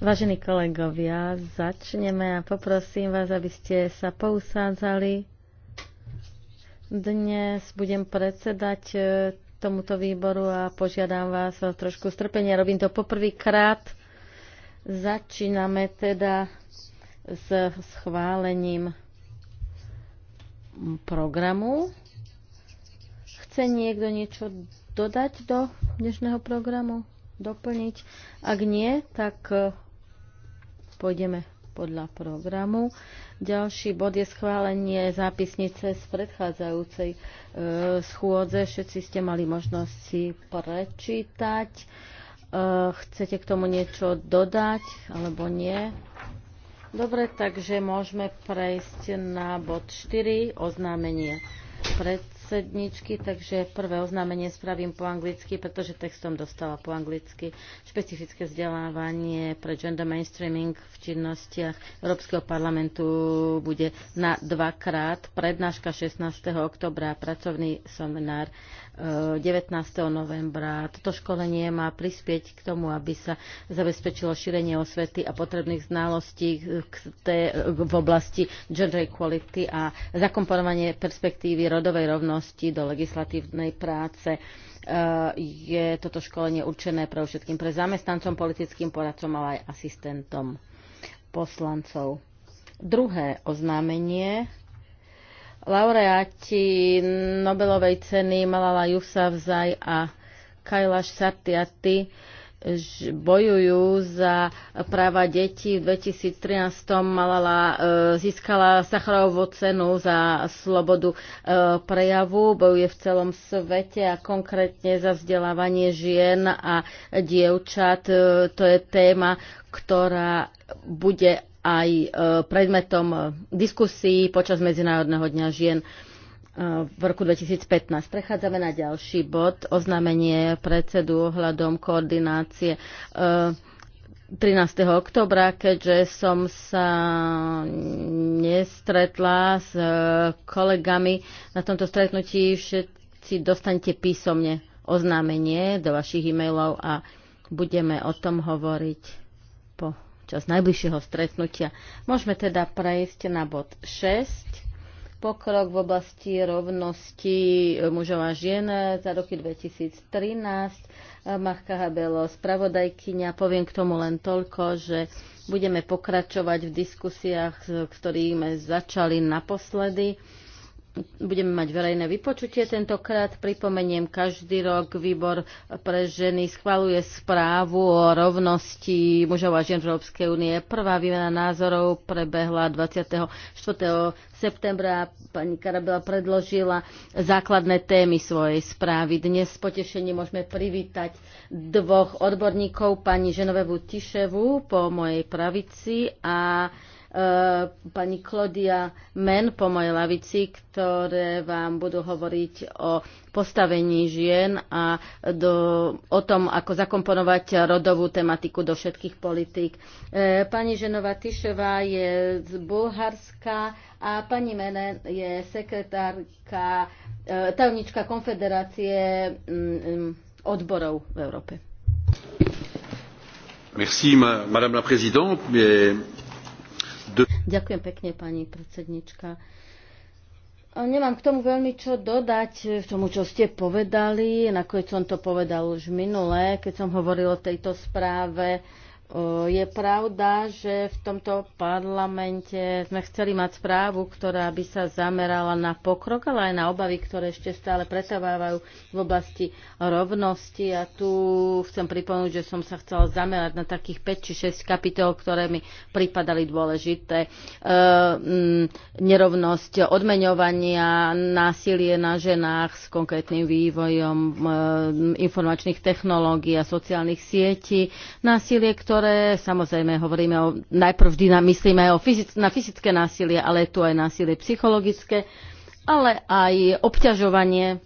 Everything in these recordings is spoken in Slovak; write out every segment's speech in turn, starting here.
Vážení kolegovia, začneme a poprosím vás, aby ste sa pousádzali. Dnes budem predsedať e, tomuto výboru a požiadam vás o trošku strpenia. Robím to poprvýkrát. Začíname teda s schválením programu. Chce niekto niečo dodať do dnešného programu? Doplniť? Ak nie, tak e, pôjdeme podľa programu. Ďalší bod je schválenie zápisnice z predchádzajúcej e, schôdze. Všetci ste mali možnosť si prečítať. E, chcete k tomu niečo dodať alebo nie? Dobre, takže môžeme prejsť na bod 4, oznámenie Pred, predsedničky, takže prvé oznámenie spravím po anglicky, pretože textom dostala po anglicky. Špecifické vzdelávanie pre gender mainstreaming v činnostiach Európskeho parlamentu bude na dvakrát prednáška 16. oktobra pracovný seminár 19. novembra. Toto školenie má prispieť k tomu, aby sa zabezpečilo šírenie osvety a potrebných znalostí v oblasti gender equality a zakomponovanie perspektívy rodovej rovnosti do legislatívnej práce eh, je toto školenie určené pre všetkým pre zamestnancom, politickým poradcom, ale aj asistentom poslancov. Druhé oznámenie Laureáti Nobelovej ceny Malala Yousafzai a Kailash Satyati bojujú za práva detí. V 2013 Malala e, získala Sacharovú cenu za slobodu e, prejavu, bojuje v celom svete a konkrétne za vzdelávanie žien a dievčat. E, to je téma, ktorá bude aj e, predmetom e, diskusí počas Medzinárodného dňa žien e, v roku 2015. Prechádzame na ďalší bod, oznámenie predsedu ohľadom koordinácie 13. oktobra, keďže som sa nestretla s kolegami na tomto stretnutí, všetci dostanete písomne oznámenie do vašich e-mailov a budeme o tom hovoriť po čas najbližšieho stretnutia. Môžeme teda prejsť na bod 6 pokrok v oblasti rovnosti e, mužov a žien za roky 2013. E, Machka Habelo, spravodajkyňa, poviem k tomu len toľko, že budeme pokračovať v diskusiách, s ktorými začali naposledy Budeme mať verejné vypočutie tentokrát. Pripomeniem, každý rok výbor pre ženy schvaluje správu o rovnosti mužov a žien v Európskej únie. Prvá výmena názorov prebehla 24. septembra. Pani Karabela predložila základné témy svojej správy. Dnes s potešením môžeme privítať dvoch odborníkov, pani Ženovevu Tiševu po mojej pravici a Eh, pani Klodia Men po mojej lavici, ktoré vám budú hovoriť o postavení žien a do, o tom, ako zakomponovať rodovú tematiku do všetkých politík. E, pani Ženova Tyšová je z Bulharska a pani Menen je sekretárka, e, tajomnička Konfederácie m, mm, m, mm, odborov v Európe. Merci, ma, madame la présidente. Mais Ďakujem pekne, pani predsednička. Nemám k tomu veľmi čo dodať, k tomu, čo ste povedali. Nakoniec som to povedal už minule, keď som hovoril o tejto správe Eh, je pravda, že v tomto parlamente sme chceli mať správu, ktorá by sa zamerala na pokrok, ale aj na obavy, ktoré ešte stále pretrvávajú v oblasti rovnosti. A tu chcem pripomenúť, že som sa chcela zamerať na takých 5 či 6 kapitol, ktoré mi pripadali dôležité. Eh, mm, nerovnosť odmeňovania, násilie na ženách s konkrétnym vývojom eh, informačných technológií a sociálnych sietí, násilie, ktoré ktoré, samozrejme, hovoríme o, najprv vždy na, myslíme o fyzic, na fyzické násilie, ale je tu aj násilie psychologické, ale aj obťažovanie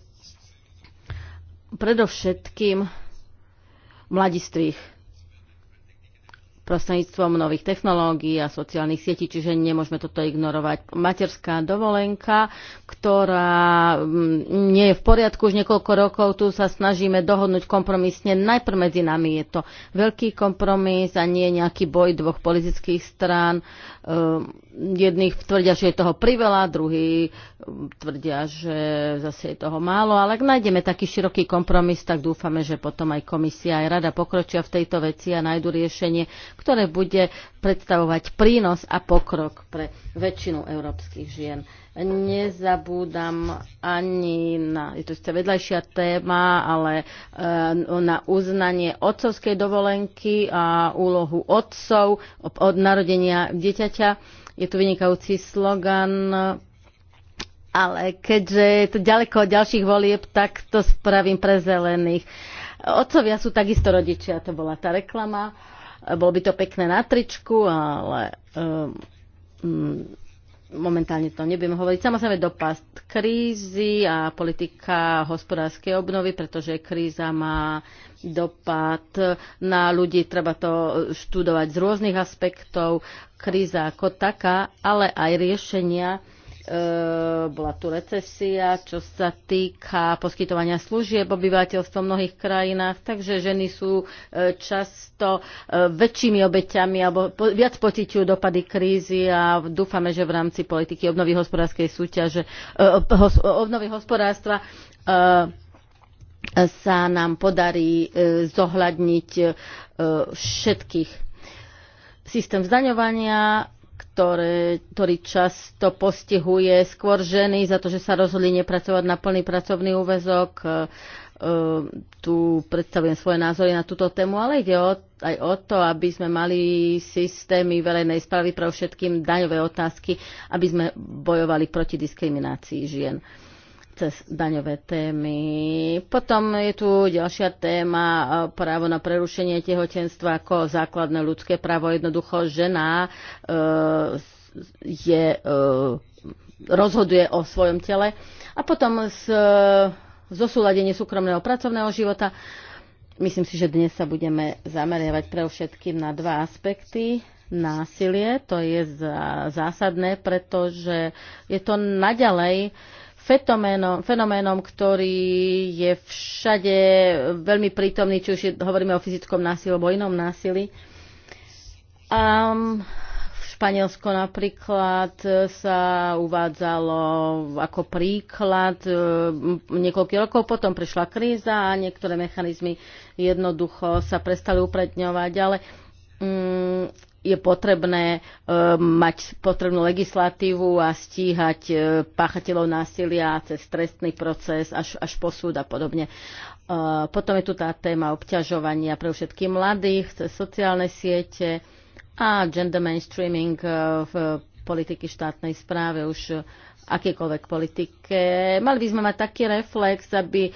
predovšetkým mladistvých prostredníctvom nových technológií a sociálnych sietí, čiže nemôžeme toto ignorovať. Materská dovolenka, ktorá mm, nie je v poriadku už niekoľko rokov, tu sa snažíme dohodnúť kompromisne. Najprv medzi nami je to veľký kompromis a nie nejaký boj dvoch politických strán. Ehm, jedných tvrdia, že je toho priveľa, druhí tvrdia, že zase je toho málo, ale ak nájdeme taký široký kompromis, tak dúfame, že potom aj komisia, aj rada pokročia v tejto veci a nájdu riešenie, ktoré bude predstavovať prínos a pokrok pre väčšinu európskych žien. Nezabúdam ani na, je to ste vedľajšia téma, ale e, na uznanie otcovskej dovolenky a úlohu otcov od narodenia dieťaťa je tu vynikajúci slogan, ale keďže je to ďaleko od ďalších volieb, tak to spravím pre zelených. Otcovia sú takisto rodičia, to bola tá reklama. Bolo by to pekné na tričku, ale um, momentálne to nebudeme hovoriť. Samozrejme dopad krízy a politika hospodárskej obnovy, pretože kríza má dopad na ľudí, treba to študovať z rôznych aspektov kríza ako taká, ale aj riešenia. E, bola tu recesia, čo sa týka poskytovania služieb obyvateľstva v mnohých krajinách, takže ženy sú e, často e, väčšími obeťami alebo viac pociťujú dopady krízy a dúfame, že v rámci politiky obnovy hospodárskej súťaže, e, obnovy hospodárstva sa nám podarí zohľadniť všetkých systém zdaňovania, ktoré, ktorý často postihuje skôr ženy za to, že sa rozhodli nepracovať na plný pracovný úvezok. E, tu predstavujem svoje názory na túto tému, ale ide o, aj o to, aby sme mali systémy verejnej správy pre všetkým daňové otázky, aby sme bojovali proti diskriminácii žien. Uh, cez daňové témy. Potom je tu ďalšia téma, e, právo na prerušenie tehotenstva ako základné ľudské právo. Jednoducho žena e, je, e, rozhoduje o svojom tele. A potom z, zosúladenie súkromného pracovného života. Myslím si, že dnes sa budeme zameriavať pre všetkým na dva aspekty násilie. To je zásadné, pretože je to naďalej fenoménom, fenoménom, ktorý je všade veľmi prítomný, či už je, hovoríme o fyzickom násilí alebo inom násilí. A v Španielsku napríklad sa uvádzalo ako príklad, e, niekoľko rokov potom prišla kríza a niektoré mechanizmy jednoducho sa prestali upredňovať, ale mm, je potrebné e, mať potrebnú legislatívu a stíhať e, páchateľov násilia cez trestný proces až, až po súd a podobne. E, potom je tu tá téma obťažovania pre všetkých mladých cez sociálne siete a gender mainstreaming v politiky štátnej správe už akékoľvek politike. Mali by sme mať taký reflex, aby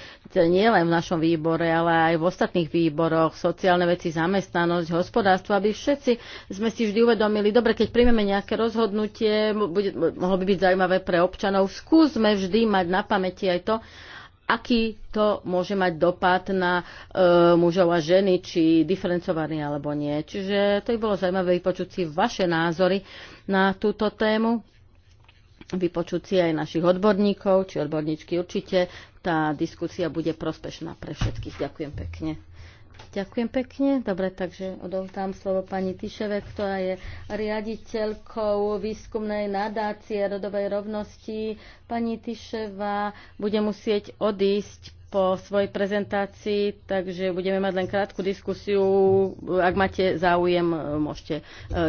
nie len v našom výbore, ale aj v ostatných výboroch, sociálne veci, zamestnanosť, hospodárstvo, aby všetci sme si vždy uvedomili, dobre, keď príjmeme nejaké rozhodnutie, bude, mohlo by byť zaujímavé pre občanov, skúsme vždy mať na pamäti aj to, aký to môže mať dopad na e, mužov a ženy, či diferencovaný alebo nie. Čiže to by bolo zaujímavé vypočuť si vaše názory na túto tému vypočuť si aj našich odborníkov, či odborníčky určite. Tá diskusia bude prospešná pre všetkých. Ďakujem pekne. Ďakujem pekne. Dobre, takže odovzdám slovo pani Tyševe, ktorá je riaditeľkou výskumnej nadácie rodovej rovnosti. Pani Tiševa bude musieť odísť po svojej prezentácii, takže budeme mať len krátku diskusiu. Ak máte záujem, môžete e,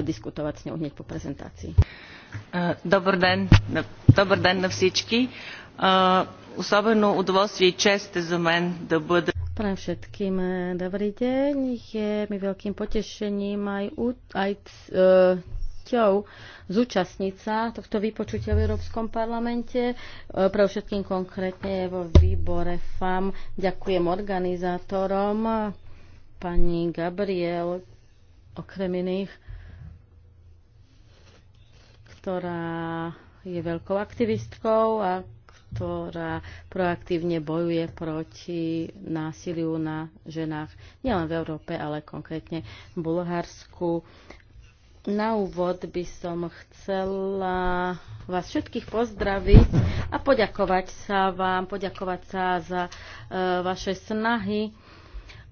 diskutovať s ňou hneď po prezentácii. Добър ден, на всички. Особено удоволствие и чест е за мен да бъда. Prajem všetkým dobrý deň. Je mi veľkým potešením aj, aj cťou e, zúčastniť sa tohto vypočutia v Európskom parlamente, e, pre všetkým konkrétne vo výbore FAM. Ďakujem organizátorom, pani Gabriel, okrem iných, ktorá je veľkou aktivistkou a ktorá proaktívne bojuje proti násiliu na ženách nielen v Európe, ale konkrétne v Bulharsku. Na úvod by som chcela vás všetkých pozdraviť a poďakovať sa vám, poďakovať sa za e, vaše snahy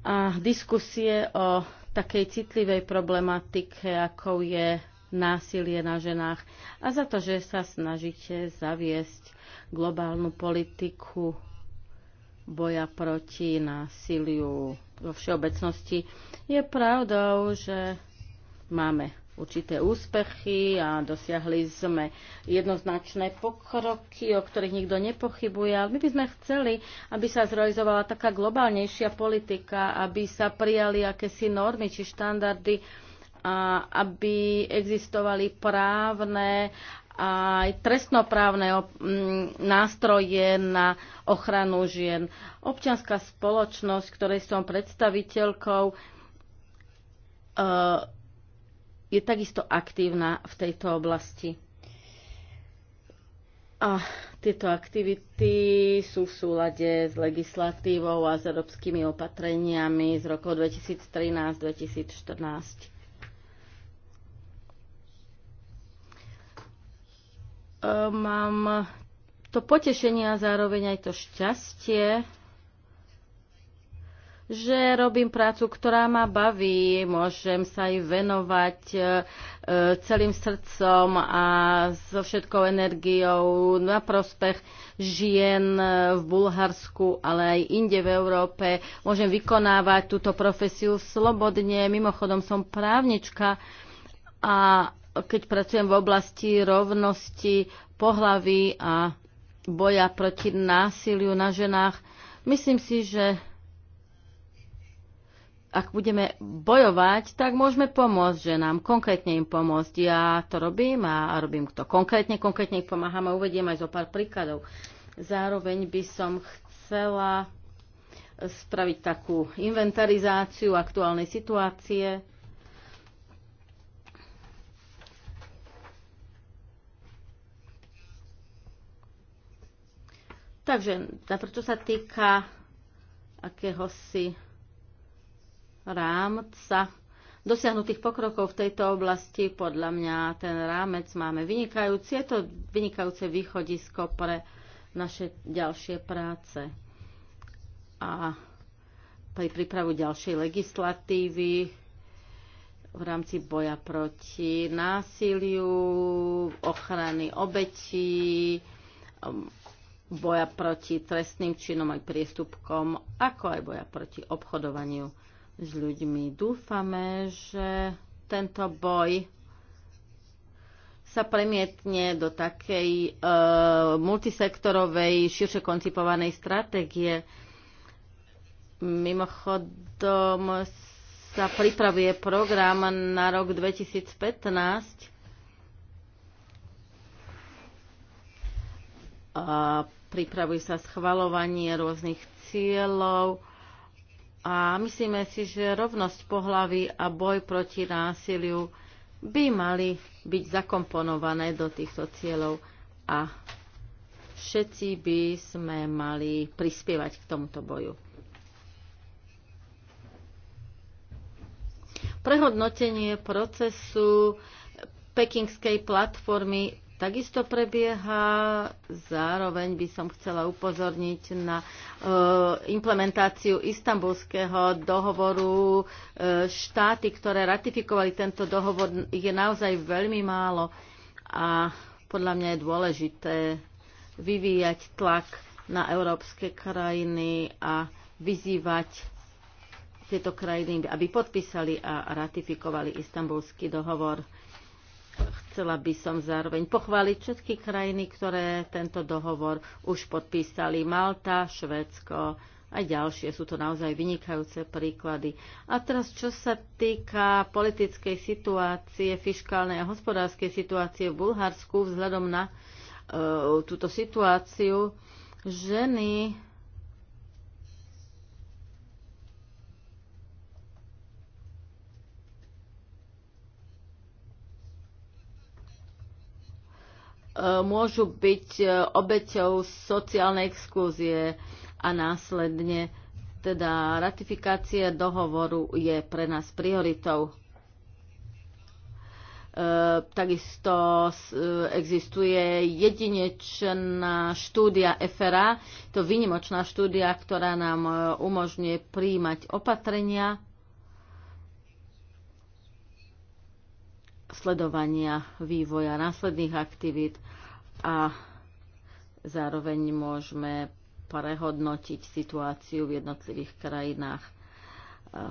a diskusie o takej citlivej problematike, ako je násilie na ženách a za to, že sa snažíte zaviesť globálnu politiku boja proti násiliu vo všeobecnosti. Je pravdou, že máme určité úspechy a dosiahli sme jednoznačné pokroky, o ktorých nikto nepochybuje. Ale my by sme chceli, aby sa zrealizovala taká globálnejšia politika, aby sa prijali akési normy či štandardy, a aby existovali právne a aj trestnoprávne mm, nástroje na ochranu žien. Občianská spoločnosť, ktorej som predstaviteľkou, eh, je takisto aktívna v tejto oblasti. A tieto aktivity sú v súlade s legislatívou a s európskymi opatreniami z rokov 2013-2014. mám to potešenie a zároveň aj to šťastie, že robím prácu, ktorá ma baví, môžem sa aj venovať e, celým srdcom a so všetkou energiou na prospech žien v Bulharsku, ale aj inde v Európe. Môžem vykonávať túto profesiu slobodne. Mimochodom som právnička a keď pracujem v oblasti rovnosti pohlaví a boja proti násiliu na ženách, myslím si, že ak budeme bojovať, tak môžeme pomôcť ženám, konkrétne im pomôcť. Ja to robím a robím to konkrétne, konkrétne ich pomáham a uvediem aj zo pár príkladov. Zároveň by som chcela spraviť takú inventarizáciu aktuálnej situácie Takže, čo sa týka akéhosi rámca dosiahnutých pokrokov v tejto oblasti, podľa mňa ten rámec máme vynikajúci. Je to vynikajúce východisko pre naše ďalšie práce. A pri prípravu ďalšej legislatívy v rámci boja proti násiliu, ochrany obetí, boja proti trestným činom aj priestupkom, ako aj boja proti obchodovaniu s ľuďmi. Dúfame, že tento boj sa premietne do takej e, multisektorovej, širšie koncipovanej stratégie. Mimochodom sa pripravuje program na rok 2015 E, pripravuje sa schvalovanie rôznych cieľov a myslíme si, že rovnosť pohlavy a boj proti násiliu by mali byť zakomponované do týchto cieľov a všetci by sme mali prispievať k tomuto boju. Prehodnotenie procesu pekingskej platformy takisto prebieha. Zároveň by som chcela upozorniť na e, implementáciu istambulského dohovoru. E, štáty, ktoré ratifikovali tento dohovor, je naozaj veľmi málo a podľa mňa je dôležité vyvíjať tlak na európske krajiny a vyzývať tieto krajiny, aby podpísali a ratifikovali istambulský dohovor. Chcela by som zároveň pochváliť všetky krajiny, ktoré tento dohovor už podpísali. Malta, Švédsko a ďalšie. Sú to naozaj vynikajúce príklady. A teraz, čo sa týka politickej situácie, fiskálnej a hospodárskej situácie v Bulharsku vzhľadom na e, túto situáciu, ženy E, môžu byť e, obeťou sociálnej exkluzie, a následne teda ratifikácia dohovoru je pre nás prioritou. E, takisto e, existuje jedinečná štúdia FRA, to výnimočná štúdia, ktorá nám umožňuje príjmať opatrenia sledovania vývoja následných aktivít a zároveň môžeme prehodnotiť situáciu v jednotlivých krajinách. Eh,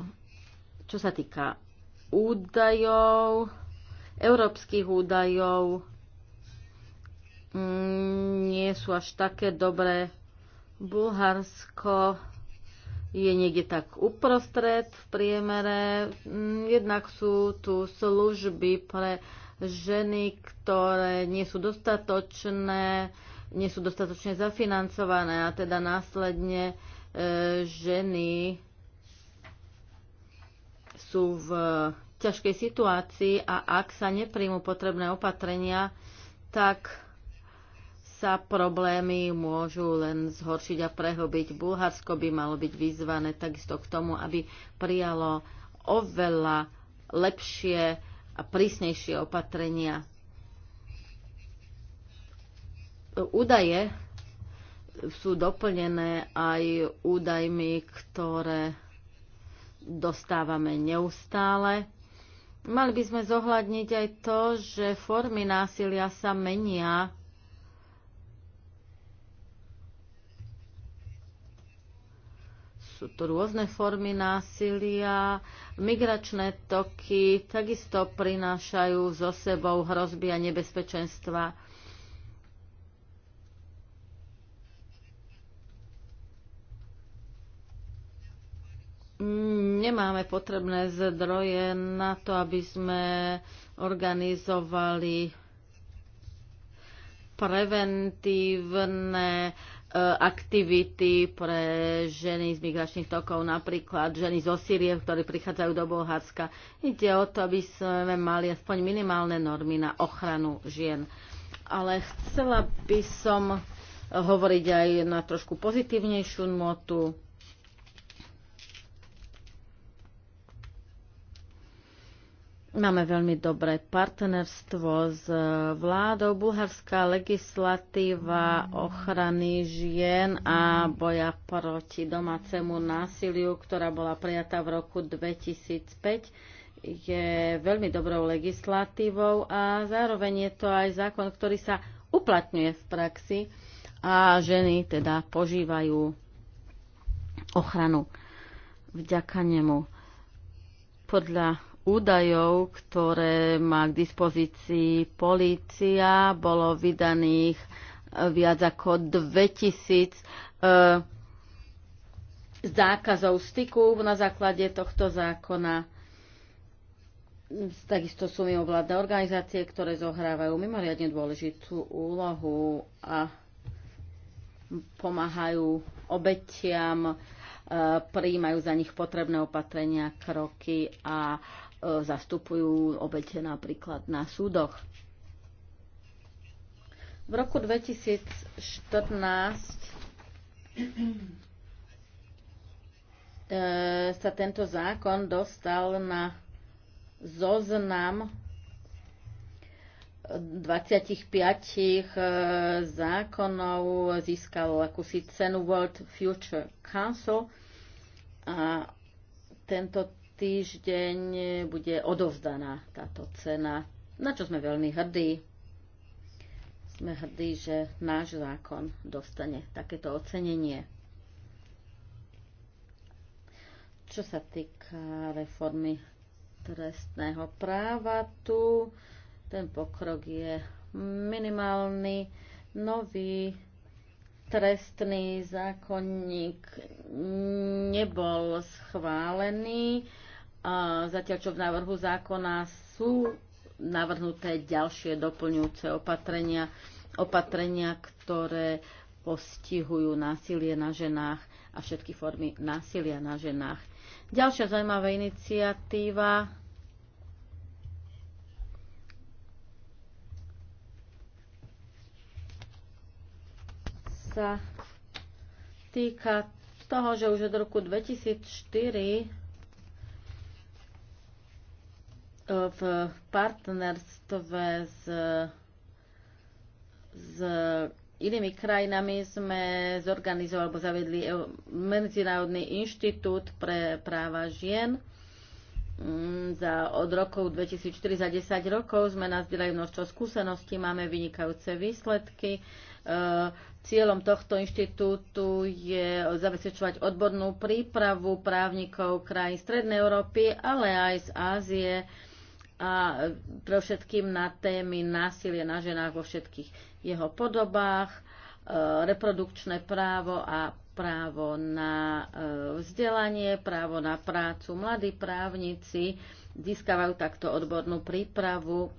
čo sa týka údajov, európskych údajov, mm, nie sú až také dobré. Bulharsko je niekde tak uprostred v priemere. Mm, jednak sú tu služby pre ženy, ktoré nie sú dostatočné, nie sú dostatočne zafinancované a teda následne e, ženy sú v ťažkej situácii a ak sa nepríjmu potrebné opatrenia, tak sa problémy môžu len zhoršiť a prehobiť. Bulharsko by malo byť vyzvané takisto k tomu, aby prijalo oveľa lepšie a prísnejšie opatrenia. Údaje sú doplnené aj údajmi, ktoré dostávame neustále. Mali by sme zohľadniť aj to, že formy násilia sa menia sú tu rôzne formy násilia, migračné toky takisto prinášajú so sebou hrozby a nebezpečenstva. Nemáme potrebné zdroje na to, aby sme organizovali preventívne Eh, aktivity pre ženy z migračných tokov, napríklad ženy zo Syrie, ktorí prichádzajú do Bulharska. Ide o to, aby sme mali aspoň minimálne normy na ochranu žien. Ale chcela by som hovoriť aj na trošku pozitívnejšiu notu. Máme veľmi dobré partnerstvo s eh, vládou. Bulharská legislatíva ochrany žien a boja proti domácemu násiliu, ktorá bola prijatá v roku 2005, je veľmi dobrou legislatívou a zároveň je to aj zákon, ktorý sa uplatňuje v praxi a ženy teda požívajú ochranu vďaka nemu. Podľa údajov, ktoré má k dispozícii polícia, bolo vydaných eh, viac ako 2000 e, eh, zákazov styku na základe tohto zákona. Takisto sú mimovládne organizácie, ktoré zohrávajú mimoriadne dôležitú úlohu a pomáhajú obetiam, eh, prijímajú za nich potrebné opatrenia, kroky a E, zastupujú obete napríklad na súdoch. V roku 2014 e, sa tento zákon dostal na zoznam 25 e, zákonov získal akúsi cenu World Future Council a tento týždeň bude odovzdaná táto cena, na čo sme veľmi hrdí. Sme hrdí, že náš zákon dostane takéto ocenenie. Čo sa týka reformy trestného práva, tu ten pokrok je minimálny. Nový trestný zákonník nebol schválený zatiaľ, čo v návrhu zákona sú navrhnuté ďalšie doplňujúce opatrenia, opatrenia, ktoré postihujú násilie na ženách a všetky formy násilia na ženách. Ďalšia zaujímavá iniciatíva sa týka toho, že už od roku 2004 v partnerstve s, s inými krajinami sme zorganizovali alebo zavedli e, Medzinárodný inštitút pre práva žien. Mm, za, od rokov 2004 za 10 rokov sme nazbierali množstvo skúseností, máme vynikajúce výsledky. E, cieľom tohto inštitútu je zabezpečovať odbornú prípravu právnikov krajín Strednej Európy, ale aj z Ázie a pre všetkým na témy násilie na ženách vo všetkých jeho podobách, e, reprodukčné právo a právo na e, vzdelanie, právo na prácu. Mladí právnici získavajú takto odbornú prípravu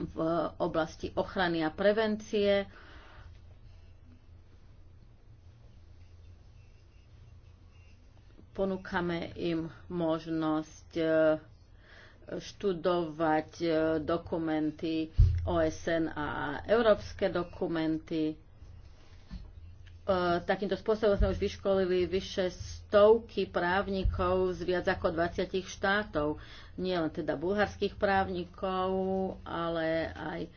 v oblasti ochrany a prevencie. Ponúkame im možnosť e, študovať e, dokumenty OSN a európske dokumenty. E, takýmto spôsobom sme už vyškolili vyše stovky právnikov z viac ako 20 štátov. Nie len teda bulharských právnikov, ale aj e,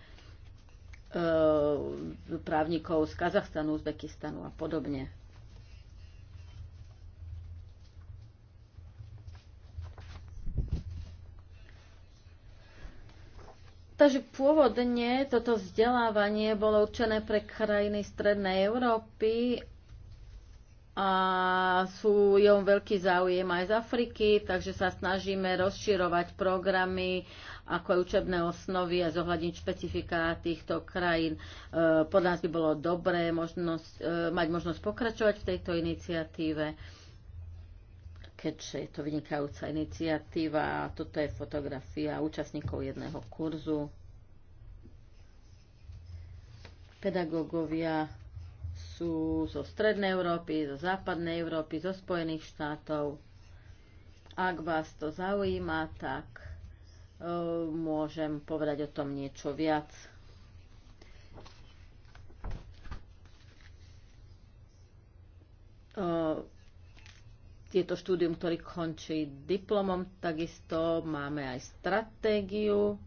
právnikov z Kazachstanu, Uzbekistanu a podobne. Takže pôvodne toto vzdelávanie bolo určené pre krajiny Strednej Európy a sú jom veľký záujem aj z Afriky, takže sa snažíme rozširovať programy ako aj učebné osnovy a zohľadniť špecifika týchto krajín. E, Pod nás by bolo dobré možnosť, e, mať možnosť pokračovať v tejto iniciatíve keďže je to vynikajúca iniciatíva. Toto je fotografia účastníkov jedného kurzu. Pedagógovia sú zo Strednej Európy, zo Západnej Európy, zo Spojených štátov. Ak vás to zaujíma, tak e, môžem povedať o tom niečo viac. Uh, je to štúdium, ktorý končí diplomom, takisto máme aj stratégiu.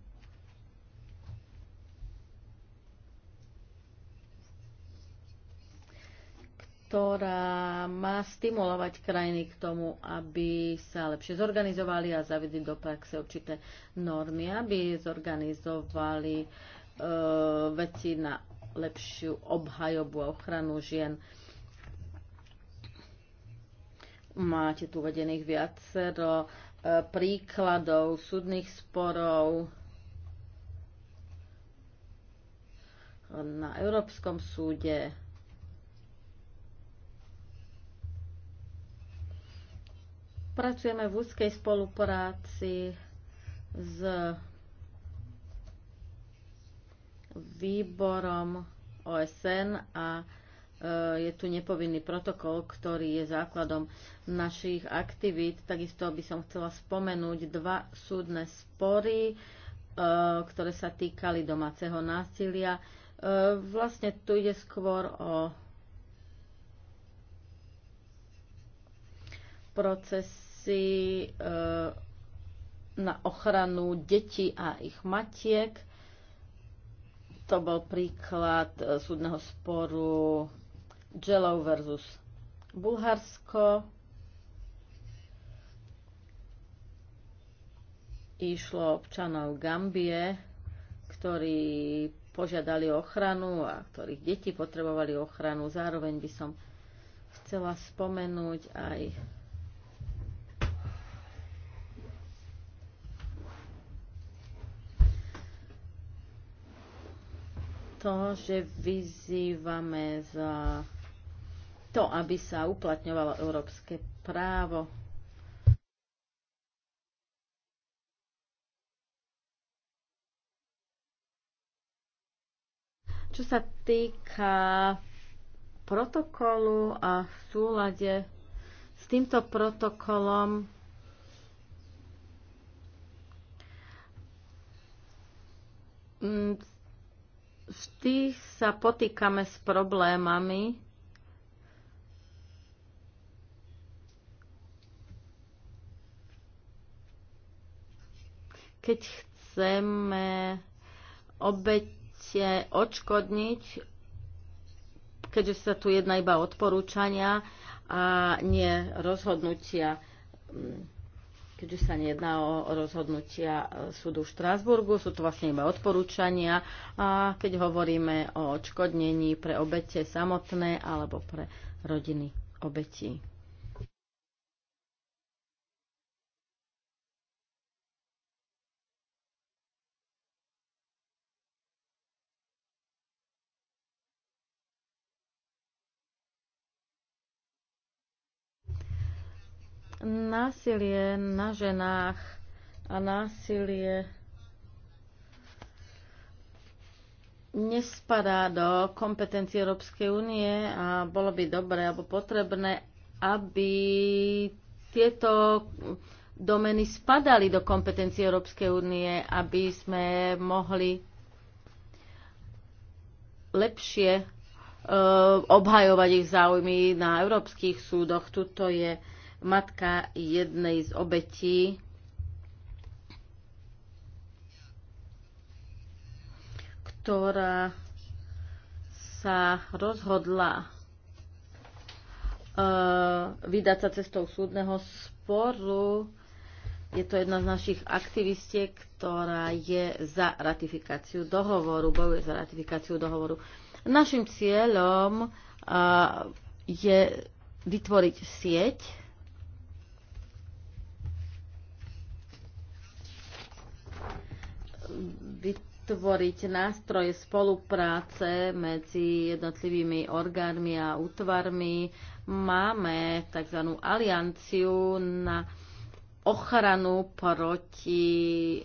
ktorá má stimulovať krajiny k tomu, aby sa lepšie zorganizovali a zavedli do praxe určité normy, aby zorganizovali e, veci na lepšiu obhajobu a ochranu žien Máte tu uvedených viacero e, príkladov súdnych sporov na Európskom súde. Pracujeme v úzkej spolupráci s výborom OSN a Eh, je tu nepovinný protokol, ktorý je základom našich aktivít. Takisto by som chcela spomenúť dva súdne spory, eh, ktoré sa týkali domáceho násilia. Eh, vlastne tu ide skôr o procesy na ochranu detí a ich matiek. To bol príklad súdneho sporu Jelov versus Bulharsko. Išlo občanov Gambie, ktorí požiadali ochranu a ktorých deti potrebovali ochranu. Zároveň by som chcela spomenúť aj to, že vyzývame za to, aby sa uplatňovalo európske právo. Čo sa týka protokolu a v súlade s týmto protokolom mm, vždy sa potýkame s problémami, keď chceme obete odškodniť, keďže sa tu jedná iba odporúčania a nie rozhodnutia, mm, keďže sa nejedná o rozhodnutia e, súdu v Štrásburgu, sú to vlastne iba odporúčania a keď hovoríme o odškodnení pre obete samotné alebo pre rodiny obetí. násilie na ženách a násilie nespadá do kompetencie Európskej únie a bolo by dobré alebo potrebné, aby tieto domeny spadali do kompetencie Európskej únie, aby sme mohli lepšie eh, obhajovať ich záujmy na európskych súdoch. Tuto je matka jednej z obetí ktorá sa rozhodla uh, vydať sa cestou súdneho sporu. Je to jedna z našich aktivistiek, ktorá je za ratifikáciu dohovoru, bojuje za ratifikáciu dohovoru. Našim cieľom uh, je vytvoriť sieť vytvoriť nástroj spolupráce medzi jednotlivými orgánmi a útvarmi. Máme tzv. alianciu na ochranu proti e,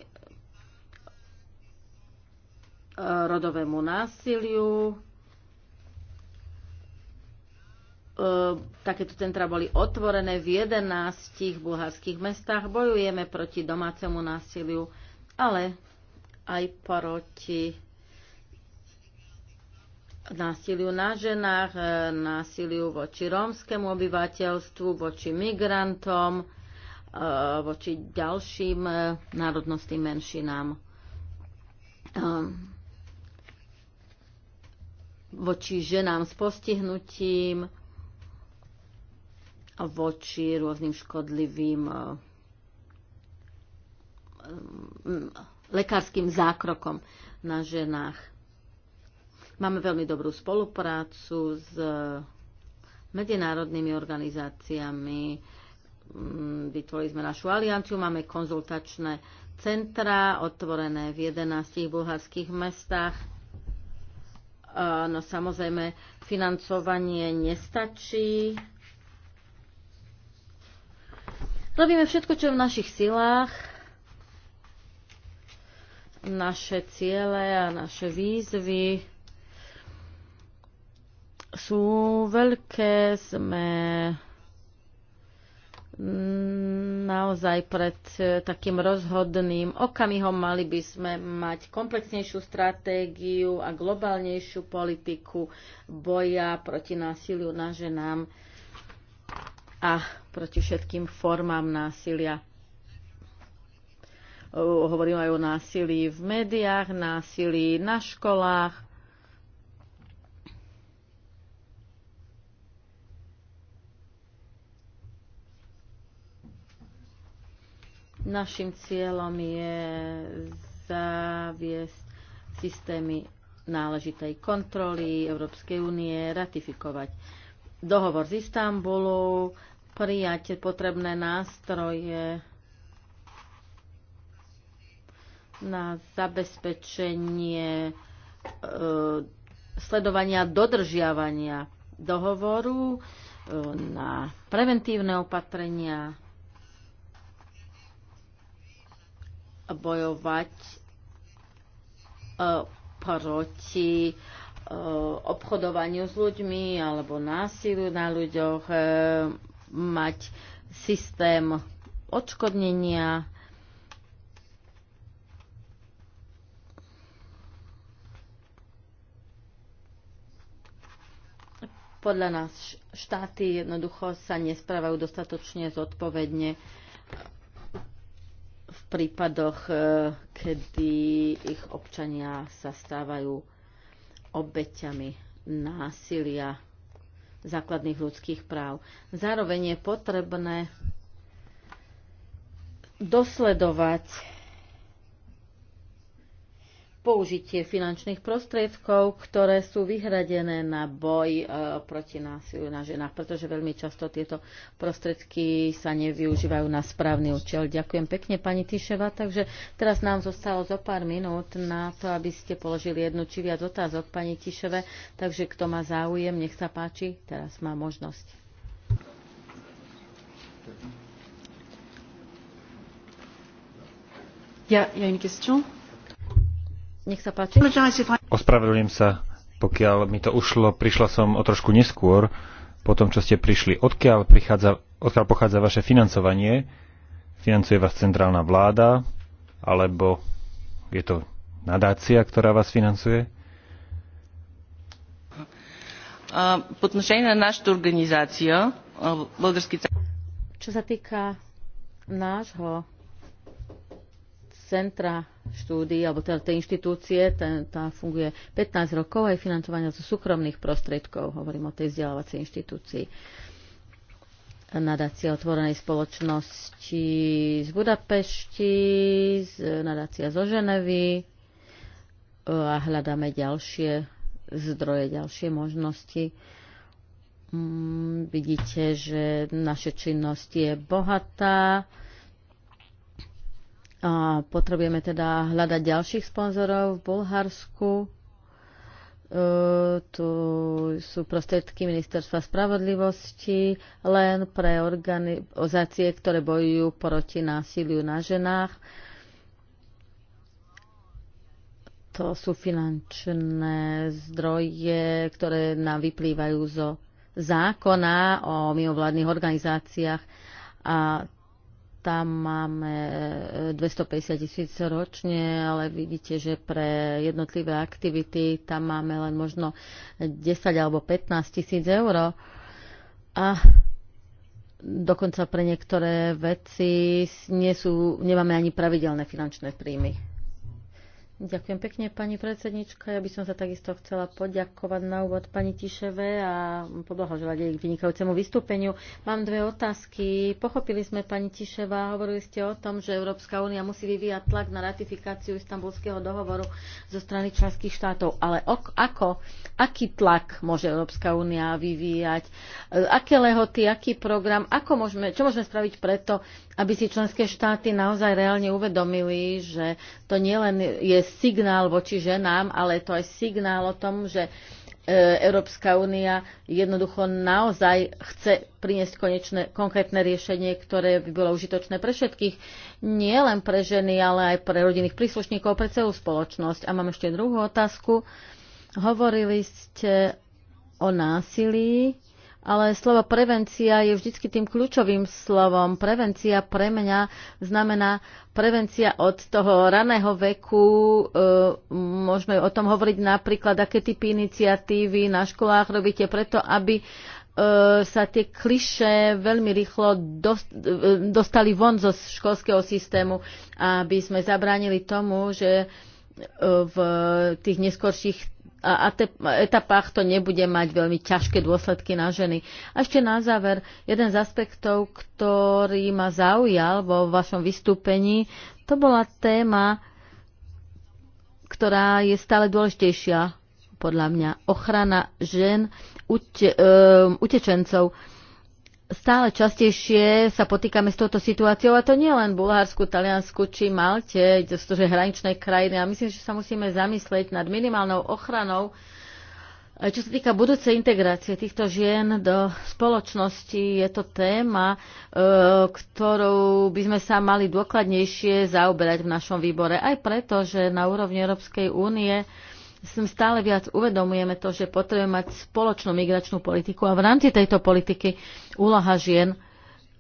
rodovému násiliu. E, takéto centra boli otvorené v 11 bulharských mestách. Bojujeme proti domácemu násiliu, ale aj proti násiliu na ženách, e, násiliu voči rómskému obyvateľstvu, voči migrantom, e, voči ďalším e, národnostným menšinám, voči ženám s postihnutím, voči rôznym škodlivým lekárskym zákrokom na ženách. Máme veľmi dobrú spoluprácu s eh, medzinárodnými organizáciami. Mm, vytvorili sme našu alianciu, máme konzultačné centra otvorené v 11 bulharských mestách. Eh, no samozrejme, financovanie nestačí. Robíme všetko, čo je v našich silách naše ciele a naše výzvy sú veľké, sme naozaj pred e, takým rozhodným okamihom mali by sme mať komplexnejšiu stratégiu a globálnejšiu politiku boja proti násiliu na ženám a proti všetkým formám násilia. Eh, hovorím aj o násilí v médiách, násilí na školách. Našim cieľom je zaviesť systémy náležitej kontroly Európskej únie, ratifikovať dohovor z Istanbulu, prijať potrebné nástroje na zabezpečenie e, sledovania dodržiavania dohovoru, e, na preventívne opatrenia, bojovať e, proti e, obchodovaniu s ľuďmi alebo násilu na ľuďoch, e, mať systém odškodnenia Podľa nás štáty jednoducho sa nesprávajú dostatočne zodpovedne v prípadoch, e, kedy ich občania sa stávajú obeťami násilia základných ľudských práv. Zároveň je potrebné dosledovať použitie finančných prostriedkov, ktoré sú vyhradené na boj e, proti násiliu na ženách, pretože veľmi často tieto prostriedky sa nevyužívajú na správny účel. Ďakujem pekne, pani Tiševa. Takže teraz nám zostalo zo pár minút na to, aby ste položili jednu či viac otázok pani Tiševe. Takže kto má záujem, nech sa páči, teraz má možnosť. Ja, ja une question. Nech sa páči. Ospravedlňujem sa, pokiaľ mi to ušlo, prišla som o trošku neskôr, po tom, čo ste prišli. Odkiaľ, prichádza, odkiaľ pochádza vaše financovanie? Financuje vás centrálna vláda? Alebo je to nadácia, ktorá vás financuje? Čo sa týka nášho centra štúdií, alebo teda tej inštitúcie, tá, tá funguje 15 rokov a je financovaná zo súkromných prostriedkov, hovorím o tej vzdelávacej inštitúcii nadácia otvorenej spoločnosti z Budapešti, z nadácia zo Ženevy e, a hľadáme ďalšie zdroje, ďalšie možnosti. Mm, vidíte, že naše činnosť je bohatá a potrebujeme teda hľadať ďalších sponzorov v Bulharsku. E, tu sú prostriedky Ministerstva spravodlivosti len pre organizácie, ktoré bojujú proti násiliu na ženách. To sú finančné zdroje, ktoré nám vyplývajú zo zákona o mimovládnych organizáciách a tam máme 250 e, tisíc ročne, ale vidíte, že pre jednotlivé aktivity tam máme len možno 10 alebo 15 tisíc eur. A dokonca pre niektoré veci nie sú, nemáme ani pravidelné finančné príjmy. Ďakujem pekne, pani predsednička. Ja by som sa takisto chcela poďakovať na úvod pani Tiševe a poblahoželať jej k vynikajúcemu vystúpeniu. Mám dve otázky. Pochopili sme, pani Tiševa, hovorili ste o tom, že Európska únia musí vyvíjať tlak na ratifikáciu istambulského dohovoru zo strany členských štátov. Ale ok, ako? Aký tlak môže Európska únia vyvíjať? E, aké lehoty, aký program? Ako môžeme, čo môžeme spraviť preto, aby si členské štáty naozaj reálne uvedomili, že to nielen je signál voči ženám, ale je to aj signál o tom, že e, Európska únia jednoducho naozaj chce priniesť konečné, konkrétne riešenie, ktoré by bolo užitočné pre všetkých, nie len pre ženy, ale aj pre rodinných príslušníkov, pre celú spoločnosť. A mám ešte druhú otázku. Hovorili ste o násilí ale slovo prevencia je vždy tým kľúčovým slovom. Prevencia pre mňa znamená prevencia od toho raného veku. E, môžeme o tom hovoriť napríklad, aké typy iniciatívy na školách robíte preto, aby e, sa tie kliše veľmi rýchlo dost, e, dostali von zo školského systému, aby sme zabránili tomu, že e, v tých neskorších a etapách to nebude mať veľmi ťažké dôsledky na ženy. A ešte na záver, jeden z aspektov, ktorý ma zaujal vo vašom vystúpení, to bola téma, ktorá je stále dôležitejšia podľa mňa. Ochrana žen, ute, um, utečencov. Stále častejšie sa potýkame s touto situáciou, a to nie len Bulharsku, Taliansku či Malte, že hraničné krajiny. A myslím, že sa musíme zamyslieť nad minimálnou ochranou, eh, čo sa týka budúcej integrácie týchto žien do spoločnosti, je to téma, eh, ktorou by sme sa mali dôkladnejšie zaoberať v našom výbore. Aj preto, že na úrovni Európskej únie som stále viac uvedomujeme to, že potrebujeme mať spoločnú migračnú politiku a v rámci tejto politiky úloha žien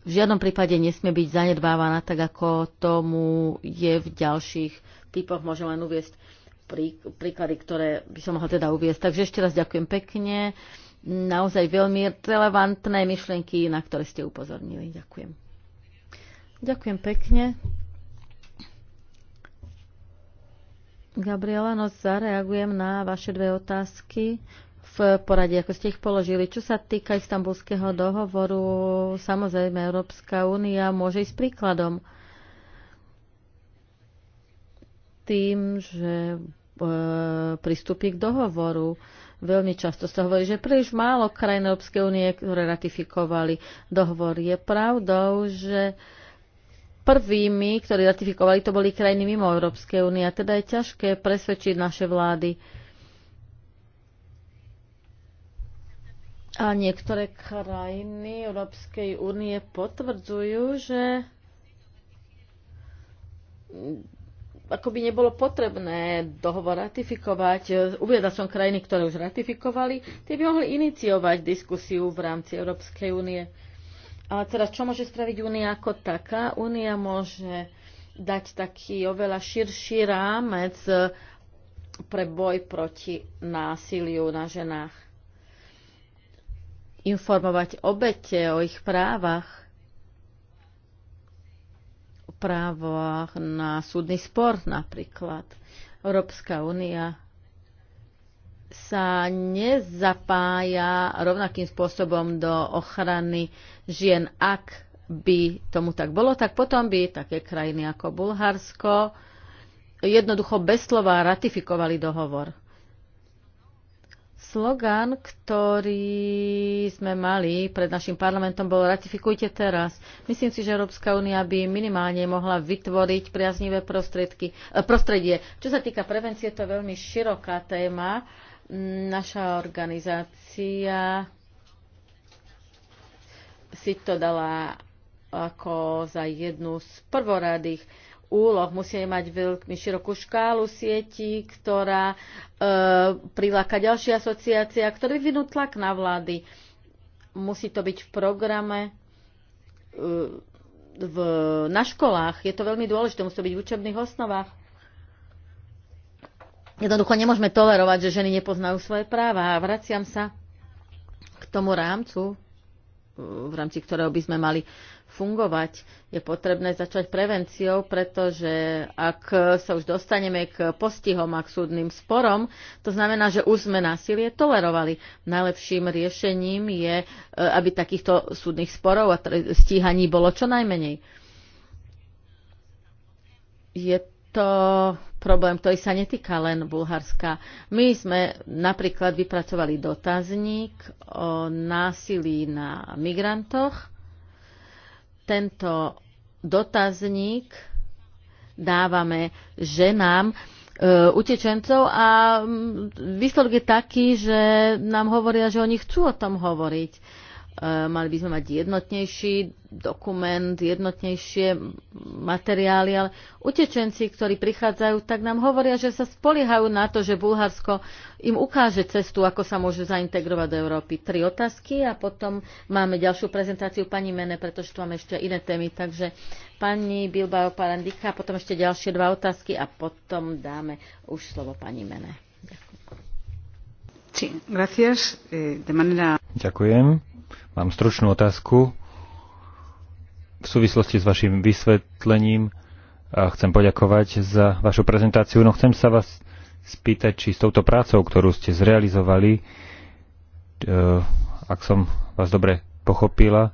v žiadnom prípade nesmie byť zanedbávaná, tak ako tomu je v ďalších typoch. Môžem len uviesť prí, príklady, ktoré by som mohla teda uviesť. Takže ešte raz ďakujem pekne. Naozaj veľmi relevantné myšlienky, na ktoré ste upozornili. Ďakujem. Ďakujem pekne. Gabriela, no zareagujem na vaše dve otázky v poradí, ako ste ich položili. Čo sa týka istambulského dohovoru, samozrejme Európska únia môže ísť príkladom tým, že e, pristúpi k dohovoru. Veľmi často sa hovorí, že príliš málo krajín Európskej únie, ktoré ratifikovali dohovor. Je pravdou, že e, Prvými, ktorí ratifikovali, to boli krajiny mimo Európskej únie a teda je ťažké presvedčiť naše vlády. A niektoré krajiny Európskej únie potvrdzujú, že ako by nebolo potrebné dohovor ratifikovať. Uviedla som krajiny, ktoré už ratifikovali, tie by mohli iniciovať diskusiu v rámci Európskej únie. Ale teraz, čo môže spraviť Únia ako taká? Únia môže dať taký oveľa širší rámec e, pre boj proti násiliu na ženách. Informovať obete o ich právach, o právach na súdny spor napríklad. Európska únia sa nezapája rovnakým spôsobom do ochrany žien. Ak by tomu tak bolo, tak potom by také krajiny ako Bulharsko jednoducho bez slova ratifikovali dohovor. Slogan, ktorý sme mali pred našim parlamentom, bol ratifikujte teraz. Myslím si, že Európska únia by minimálne mohla vytvoriť priaznivé prostredky eh, prostredie. Čo sa týka prevencie, to je veľmi široká téma Naša organizácia si to dala ako za jednu z prvoradých úloh. Musíme mať veľmi širokú škálu sietí, ktorá e, priláka ďalšie asociácia, ktorý vyvinú tlak na vlády. Musí to byť v programe, e, v, na školách. Je to veľmi dôležité, musí to byť v učebných osnovách. Jednoducho nemôžeme tolerovať, že ženy nepoznajú svoje práva. A vraciam sa k tomu rámcu, v rámci ktorého by sme mali fungovať. Je potrebné začať prevenciou, pretože ak sa už dostaneme k postihom a k súdnym sporom, to znamená, že už sme násilie tolerovali. Najlepším riešením je, eh, aby takýchto súdnych sporov a stíhaní bolo čo najmenej. Je to problém, ktorý sa netýka len Bulharska. My sme napríklad vypracovali dotazník o násilí na migrantoch. Tento dotazník dávame ženám, e, utečencov a mm, výsledok je taký, že nám hovoria, že oni chcú o tom hovoriť mali by sme mať jednotnejší dokument, jednotnejšie materiály, ale utečenci, ktorí prichádzajú, tak nám hovoria, že sa spoliehajú na to, že Bulharsko im ukáže cestu, ako sa môžu zaintegrovať do Európy. Tri otázky a potom máme ďalšiu prezentáciu pani Mene, pretože tu máme ešte iné témy. Takže pani Bilbao Parandika, potom ešte ďalšie dva otázky a potom dáme už slovo pani Mene. Ďakujem. Eh, Ďakujem Mám stručnú otázku. V súvislosti s vašim vysvetlením a chcem poďakovať za vašu prezentáciu, no chcem sa vás spýtať, či s touto prácou, ktorú ste zrealizovali, e, ak som vás dobre pochopila,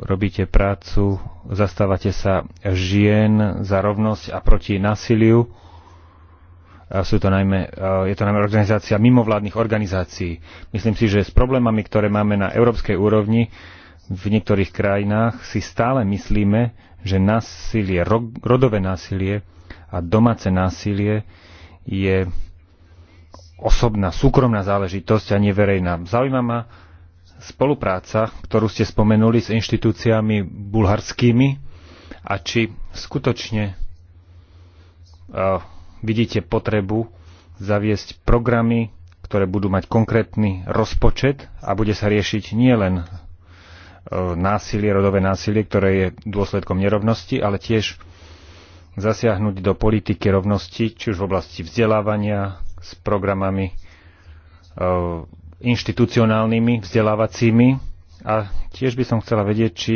robíte prácu, zastávate sa žien za rovnosť a proti násiliu sú to najmä, je to najmä organizácia mimovládnych organizácií. Myslím si, že s problémami, ktoré máme na európskej úrovni v niektorých krajinách, si stále myslíme, že násilie, rodové násilie a domáce násilie je osobná, súkromná záležitosť a neverejná. Zaujíma ma spolupráca, ktorú ste spomenuli s inštitúciami bulharskými a či skutočne vidíte potrebu zaviesť programy, ktoré budú mať konkrétny rozpočet a bude sa riešiť nielen e, násilie, rodové násilie, ktoré je dôsledkom nerovnosti, ale tiež zasiahnuť do politiky rovnosti, či už v oblasti vzdelávania s programami e, inštitucionálnymi, vzdelávacími. A tiež by som chcela vedieť, či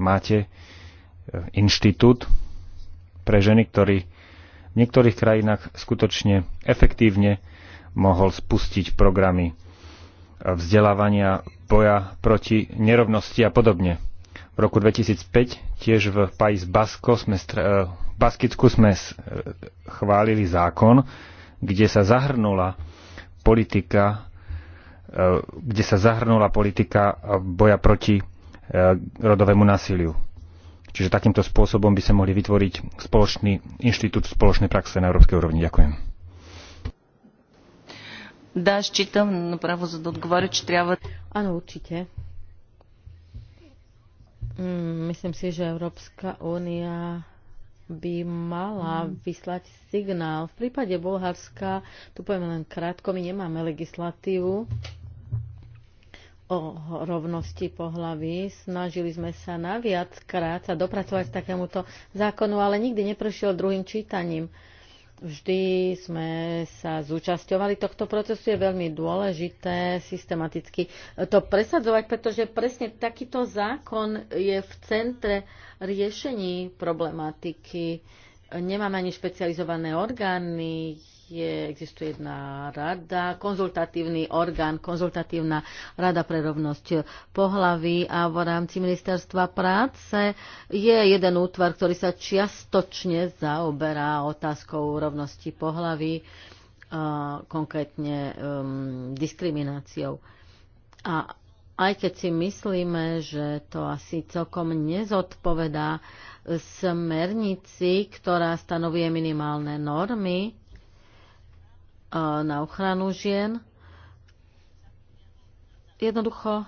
máte e, inštitút pre ženy, ktorý v niektorých krajinách skutočne efektívne mohol spustiť programy vzdelávania, boja proti nerovnosti a podobne. V roku 2005 tiež v Pais Basko sme, e, v Baskicku sme e, chválili zákon, kde sa zahrnula politika e, kde sa zahrnula politika boja proti rodovému násiliu. Čiže takýmto spôsobom by sa mohli vytvoriť spoločný inštitút spoločnej praxe na európskej úrovni. Ďakujem. Да, считам направо, за да отговоря, че трябва... Ано, určite. Mm, myslím si, že Európska únia by mala vyslať signál. V prípade Bulharska, tu poviem len krátko, my nemáme legislatívu o rovnosti pohlaví. Snažili sme sa krát sa dopracovať k takémuto zákonu, ale nikdy neprešiel druhým čítaním. Vždy sme sa zúčastňovali tohto procesu. Je veľmi dôležité systematicky to presadzovať, pretože presne takýto zákon je v centre riešení problematiky. Nemáme ani špecializované orgány, je, existuje jedna rada, konzultatívny orgán, konzultatívna rada pre rovnosť pohlaví a v rámci ministerstva práce je jeden útvar, ktorý sa čiastočne zaoberá otázkou rovnosti pohlaví, konkrétne um, diskrimináciou. A aj keď si myslíme, že to asi celkom nezodpovedá smernici, ktorá stanovuje minimálne normy, na ochranu žien. Jednoducho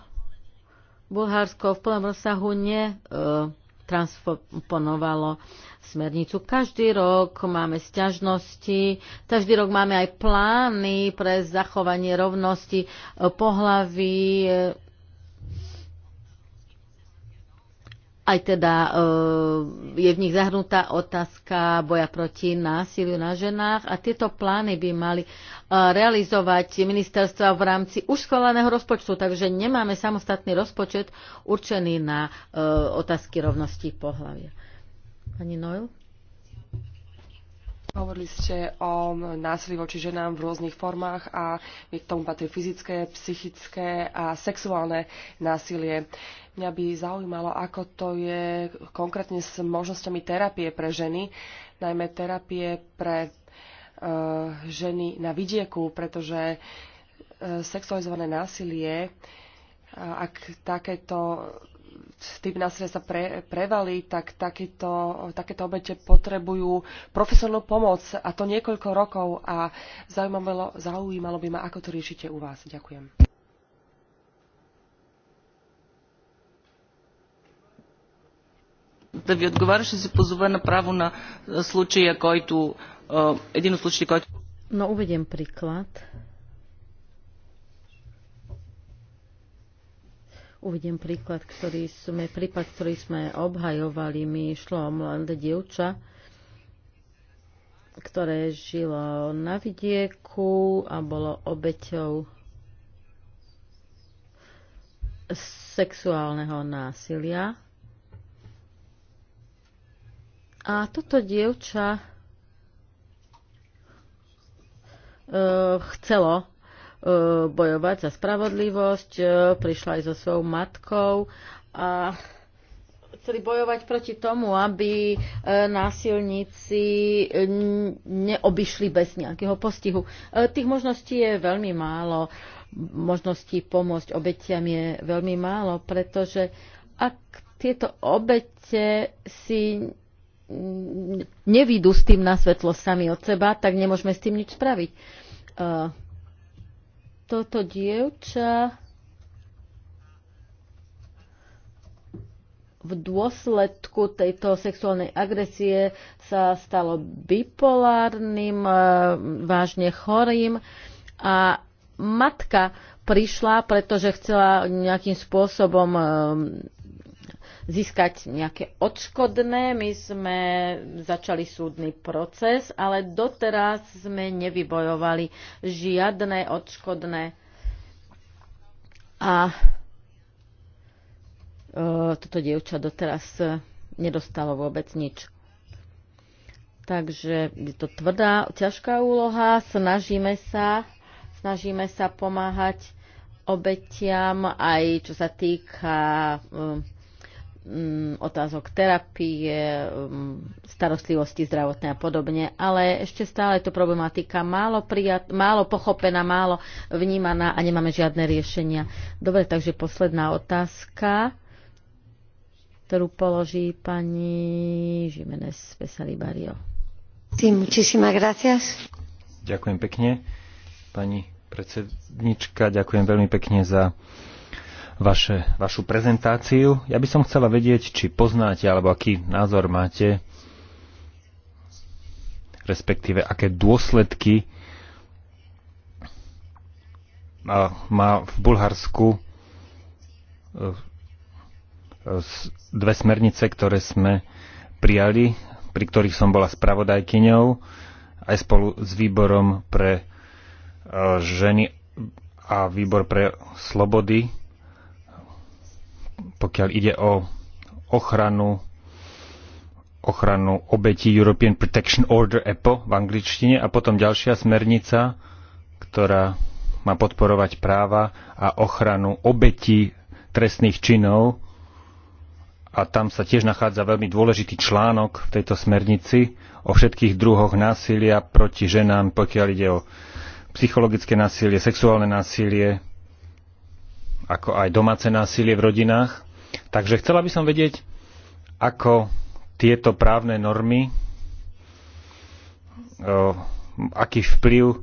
Bulharsko v plnom rozsahu netransponovalo e, smernicu. Každý rok máme sťažnosti, každý rok máme aj plány pre zachovanie rovnosti e, pohlaví e, aj teda eh, je v nich zahrnutá otázka boja proti násiliu na ženách a tieto plány by mali eh, realizovať ministerstva v rámci už schváleného rozpočtu, takže nemáme samostatný rozpočet určený na eh, otázky rovnosti pohľavia. Pani Noel. Hovorili ste o násilí voči ženám v rôznych formách a k tomu patrí fyzické, psychické a sexuálne násilie. Mňa by zaujímalo, ako to je konkrétne s možnosťami terapie pre ženy, najmä terapie pre uh, ženy na vidieku, pretože uh, sexualizované násilie, eh, ak takéto typ násilia sa pre, prevalí, tak takéto, takéto obete potrebujú profesionálnu pomoc a to niekoľko rokov a zaujímalo, zaujímalo by ma, ako to riešite u vás. Ďakujem. да ви отговаря, и се позове на право на случая, който, един от случаите, който... Но уведем приклад. uvidím príklad, ktorý sme, prípad, ktorý sme obhajovali. my šlo o mladé dievča, ktoré žilo na vidieku a bolo obeťou sexuálneho násilia. A toto dievča eh, chcelo E, bojovať za spravodlivosť, e, prišla aj so svojou matkou a chceli bojovať proti tomu, aby e, násilníci neobyšli bez nejakého postihu. Tých možností je veľmi málo, možností pomôcť obetiam je veľmi málo, pretože ak tieto obete si nevídu s tým na svetlo sami od seba, tak nemôžeme s tým nič spraviť toto dievča v dôsledku tejto sexuálnej agresie sa stalo bipolárnym, e, vážne chorým a matka prišla, pretože chcela nejakým spôsobom získať nejaké odškodné. My sme začali súdny proces, ale doteraz sme nevybojovali žiadne odškodné. A e, toto dievča doteraz nedostalo vôbec nič. Takže je to tvrdá, ťažká úloha, snažíme sa, snažíme sa pomáhať obetiam aj čo sa týka um, Mm, otázok terapie, mm, starostlivosti zdravotnej a podobne, ale ešte stále je to problematika málo, prijat, málo pochopená, málo vnímaná a nemáme žiadne riešenia. Dobre, takže posledná otázka, ktorú položí pani Jiménez Pesali Barrio. Sí, muchísimas gracias. Ďakujem pekne, pani predsednička, ďakujem veľmi pekne za vaše, vašu prezentáciu. Ja by som chcela vedieť, či poznáte, alebo aký názor máte, respektíve aké dôsledky má v Bulharsku e, e, dve smernice, ktoré sme prijali, pri ktorých som bola spravodajkyňou, aj spolu s výborom pre e, ženy a výbor pre slobody pokiaľ ide o ochranu ochranu obetí European Protection Order EPO v angličtine a potom ďalšia smernica, ktorá má podporovať práva a ochranu obetí trestných činov. A tam sa tiež nachádza veľmi dôležitý článok v tejto smernici o všetkých druhoch násilia proti ženám, pokiaľ ide o psychologické násilie, sexuálne násilie, ako aj domáce násilie v rodinách Takže chcela by som vedieť, ako tieto právne normy, e, aký vplyv e,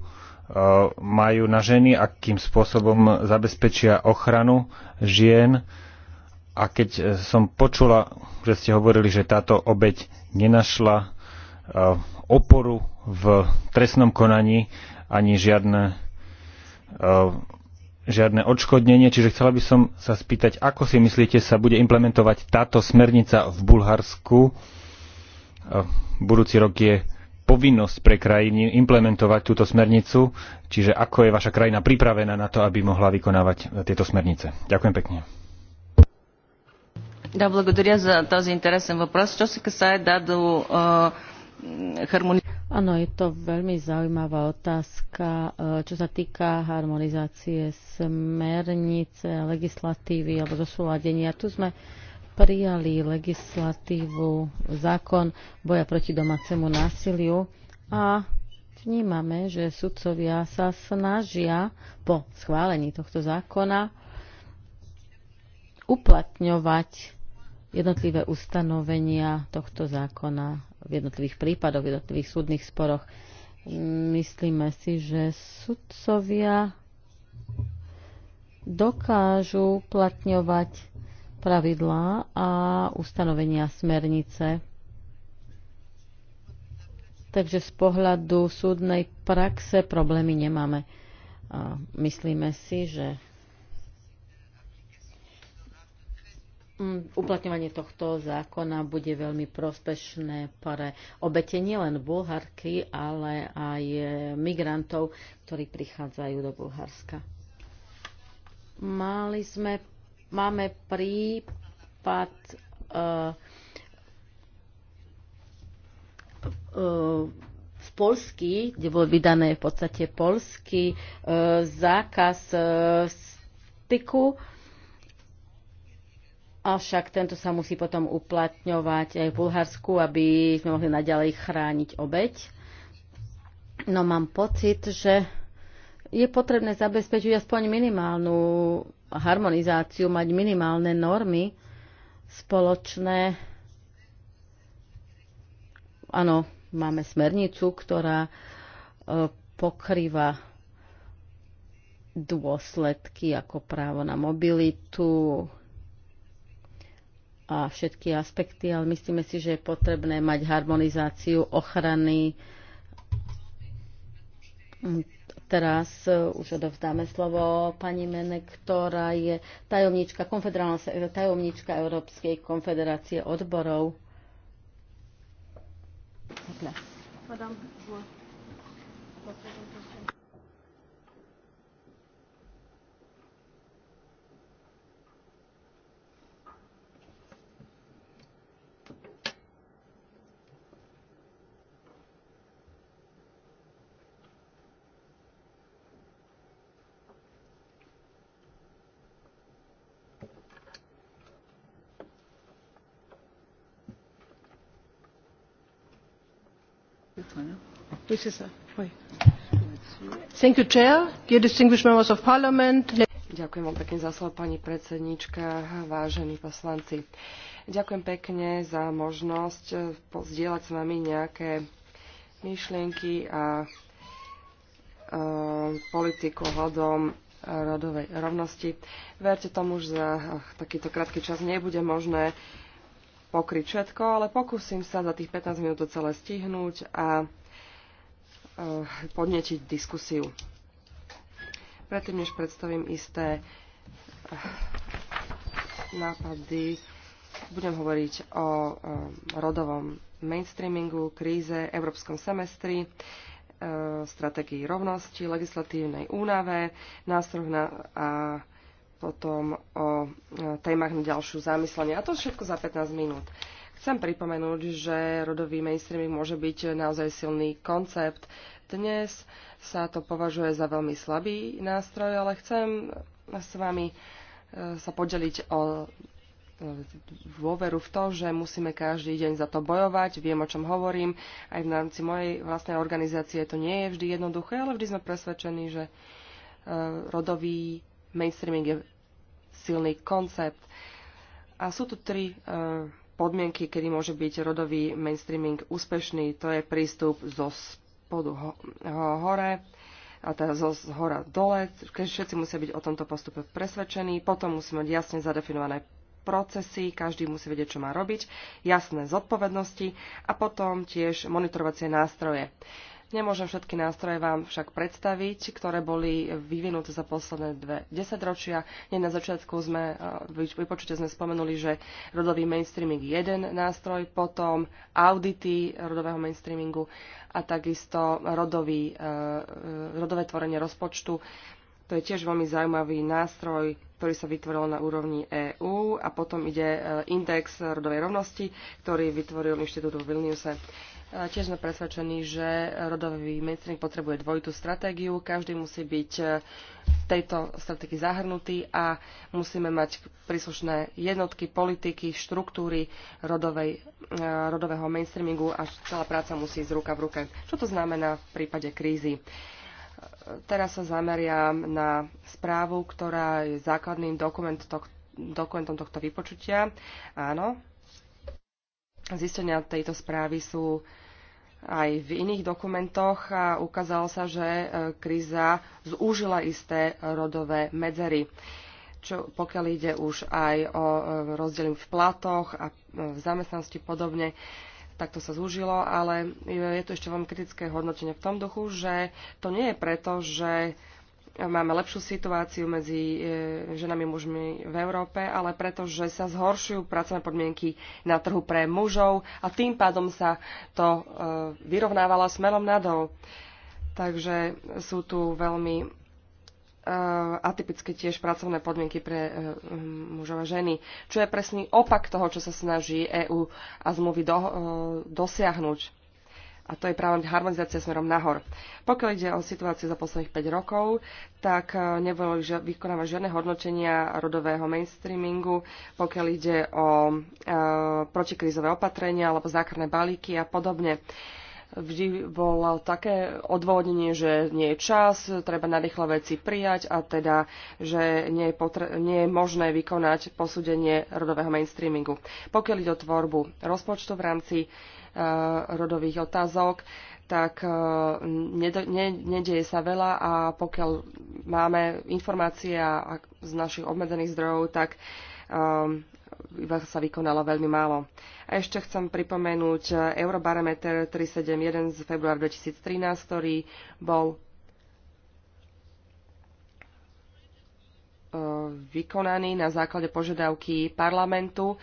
majú na ženy, akým spôsobom zabezpečia ochranu žien. A keď e, som počula, že ste hovorili, že táto obeď nenašla oporu v trestnom konaní ani žiadne žiadne odškodnenie, čiže chcela by som sa spýtať, ako si myslíte, sa bude implementovať táto smernica v Bulharsku. Budúci rok je povinnosť pre krajiny implementovať túto smernicu, čiže ako je vaša krajina pripravená na to, aby mohla vykonávať tieto smernice. Ďakujem pekne. Ďakujem благодаря за този Áno, je to veľmi zaujímavá otázka, e, čo sa týka harmonizácie smernice, legislatívy alebo zosúladenia. Tu sme prijali legislatívu, zákon boja proti domácemu násiliu a vnímame, že sudcovia sa snažia po schválení tohto zákona uplatňovať jednotlivé ustanovenia tohto zákona v jednotlivých prípadoch, v jednotlivých súdnych sporoch. Myslíme si, že sudcovia dokážu uplatňovať pravidlá a ustanovenia smernice. Takže z pohľadu súdnej praxe problémy nemáme. A myslíme si, že Mm, uplatňovanie tohto zákona bude veľmi prospešné pre obete nielen Bulharky, ale aj e, migrantov, ktorí prichádzajú do Bulharska. Mali sme, máme prípad uh, uh, v Polsky, kde bol vydané v podstate polský uh, zákaz uh, styku uh, Avšak tento sa musí potom uplatňovať aj v Bulharsku, aby sme mohli naďalej chrániť obeď. No mám pocit, že je potrebné zabezpečiť aspoň minimálnu harmonizáciu, mať minimálne normy spoločné. Áno, máme smernicu, ktorá e, pokrýva dôsledky ako právo na mobilitu, a všetky aspekty, ale myslíme si, že je potrebné mať harmonizáciu ochrany. Teraz už odovzdáme slovo pani Mene, ktorá je tajomníčka, tajomníčka Európskej konfederácie odborov. Madame, Ďakujem pekne za slovo, pani vážení poslanci. Ďakujem pekne za možnosť eh, pozdieľať s vami nejaké myšlienky a eh, politiku hľadom eh, rodovej rovnosti. Verte tomu, že za takýto krátky čas nebude možné pokryť všetko, ale pokúsim sa za tých 15 minút to celé stihnúť a Eh, podnetiť diskusiu. Predtým, než predstavím isté eh, nápady, budem hovoriť o eh, rodovom mainstreamingu, kríze, európskom semestri, stratégii rovnosti, legislatívnej únave, nástroch na, a potom o témach na ďalšiu zamyslenie. A to všetko za 15 minút. Chcem pripomenúť, že rodový mainstreaming môže byť naozaj silný koncept. Dnes sa to považuje za veľmi slabý nástroj, ale chcem s vami e, sa podeliť o e, dôveru v to, že musíme každý deň za to bojovať. Viem, o čom hovorím. Aj v rámci mojej vlastnej organizácie to nie je vždy jednoduché, ale vždy sme presvedčení, že e, rodový mainstreaming je silný koncept. A sú tu tri podmienky, kedy môže byť rodový mainstreaming úspešný. To je prístup zo spodu ho, hore a teda zo hora dole. Všetci musia byť o tomto postupe presvedčení. Potom musíme mať jasne zadefinované procesy, každý musí vedieť, čo má robiť, jasné zodpovednosti a potom tiež monitorovacie nástroje. Uh, Nemôžem všetky nástroje vám však predstaviť, ktoré boli vyvinuté za posledné dve desaťročia. Hneď na začiatku sme, eh, vypočute sme spomenuli, že rodový mainstreaming je jeden nástroj, potom audity rodového mainstreamingu a takisto rodový, eh, eh, rodové tvorenie rozpočtu. To je tiež veľmi zaujímavý nástroj, ktorý sa vytvoril na úrovni EÚ a potom ide index rodovej rovnosti, ktorý vytvoril Inštitút v Vilniuse. Tiež sme presvedčení, že rodový mainstream potrebuje dvojitú stratégiu. Každý musí byť e, v tejto stratégii zahrnutý a musíme mať príslušné jednotky, politiky, štruktúry rodovej, e, rodového mainstreamingu a celá práca musí ísť ruka v ruke. Čo to znamená v prípade krízy? E, teraz sa zameriam na správu, ktorá je základným dokument tohto, dokumentom tohto vypočutia. Áno, zistenia tejto správy sú aj v iných dokumentoch a ukázalo sa, že e, kríza zúžila isté rodové medzery. Čo, pokiaľ ide už aj o e, rozdiel v platoch a e, v zamestnanosti podobne, takto sa zúžilo, ale je to ešte veľmi kritické hodnotenie v tom duchu, že to nie je preto, že máme lepšiu situáciu medzi e, ženami a mužmi v Európe, ale pretože sa zhoršujú pracovné podmienky na trhu pre mužov a tým pádom sa to e, vyrovnávalo smerom nadol. Takže sú tu veľmi e, atypické tiež pracovné podmienky pre mužov a ženy, čo je presný opak toho, čo sa snaží EÚ a zmluvy do, dosiahnuť a to je práve harmonizácia smerom nahor. Pokiaľ ide o situáciu za posledných 5 rokov, tak e, nebolo vykonávať žiadne hodnotenia rodového mainstreamingu, pokiaľ ide o e, protikrízové opatrenia alebo zákrné balíky a podobne. E, vždy bolo také odvodnenie, že nie je čas, treba rýchle veci prijať a teda, že nie je, nie je možné vykonať posúdenie rodového mainstreamingu. Pokiaľ ide o tvorbu rozpočtu v rámci uh, rodových otázok, tak uh, ned- ne- nedeje sa veľa a pokiaľ máme informácie a, a z našich obmedzených zdrojov, tak uh, Ehm, iba sa vykonalo veľmi málo. A ešte chcem pripomenúť eh, Eurobarometer 371 z február 2013, ktorý bol eh, vykonaný na základe požiadavky parlamentu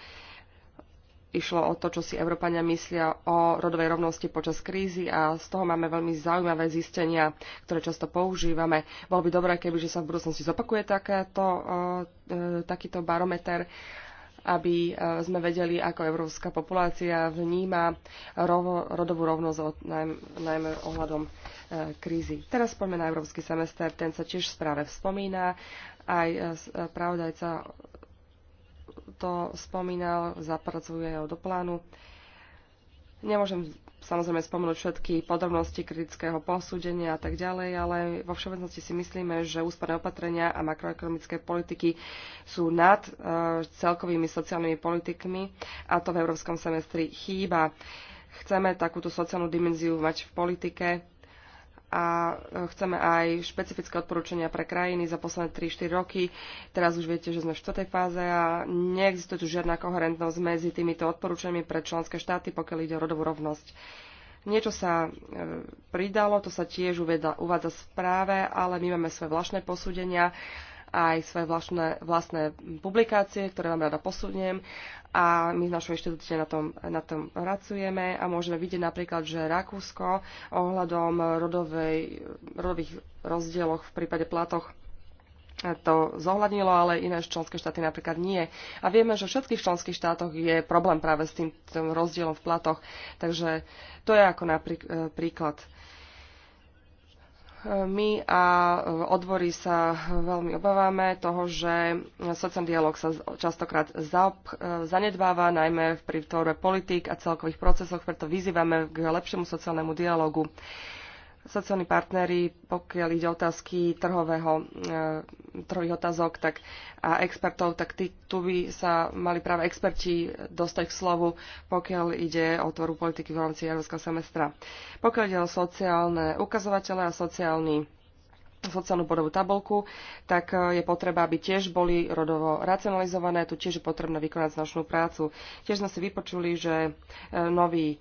išlo o to, čo si Európania myslia o rodovej rovnosti počas krízy a z toho máme veľmi zaujímavé zistenia, ktoré často používame. Bolo by dobré, keby že sa v budúcnosti zopakuje takéto, e, takýto barometer aby e, sme vedeli, ako európska populácia vníma rovo, rodovú rovnosť, najmä ohľadom e, krízy. Teraz poďme na európsky semester, ten sa tiež v správe spomína. Aj sa to spomínal, zapracuje ho do plánu. Nemôžem samozrejme spomenúť všetky podrobnosti kritického posúdenia a tak ďalej, ale vo všeobecnosti si myslíme, že úsporné opatrenia a makroekonomické politiky sú nad uh, celkovými sociálnymi politikmi a to v európskom semestri chýba. Chceme takúto sociálnu dimenziu mať v politike a e, chceme aj špecifické odporúčania pre krajiny za posledné 3-4 roky. Teraz už viete, že sme v štvrtej fáze a neexistuje tu žiadna koherentnosť medzi týmito odporúčaniami pre členské štáty, pokiaľ ide o rodovú rovnosť. Niečo sa e, pridalo, to sa tiež uvádza v správe, ale my máme svoje vlastné posúdenia aj svoje vlastné, vlastné publikácie, ktoré vám rada posuniem a my v našho inštitúcie na tom, na tom pracujeme a môžeme vidieť napríklad, že Rakúsko ohľadom rodovej, rodových rozdieloch v prípade platoch to zohľadnilo, ale iné členské štáty napríklad nie. A vieme, že v všetkých členských štátoch je problém práve s tým, tým rozdielom v platoch. Takže to je ako napríklad e, príklad my a odbory sa veľmi obávame toho, že sociálny dialog sa častokrát zanedbáva, najmä pri tvorbe politik a celkových procesoch, preto vyzývame k lepšiemu sociálnemu dialogu sociálni partnery, pokiaľ ide otázky trhového, e, trhových otázok tak, a expertov, tak tí, tu by sa mali práve experti dostať k slovu, pokiaľ ide o tvorbu politiky v rámci európskeho semestra. Pokiaľ ide o sociálne ukazovatele a sociálny sociálnu podobu tabulku, tak e, je potreba, aby tiež boli rodovo racionalizované. Tu tiež je potrebné vykonať značnú prácu. Tiež sme si vypočuli, že e, nový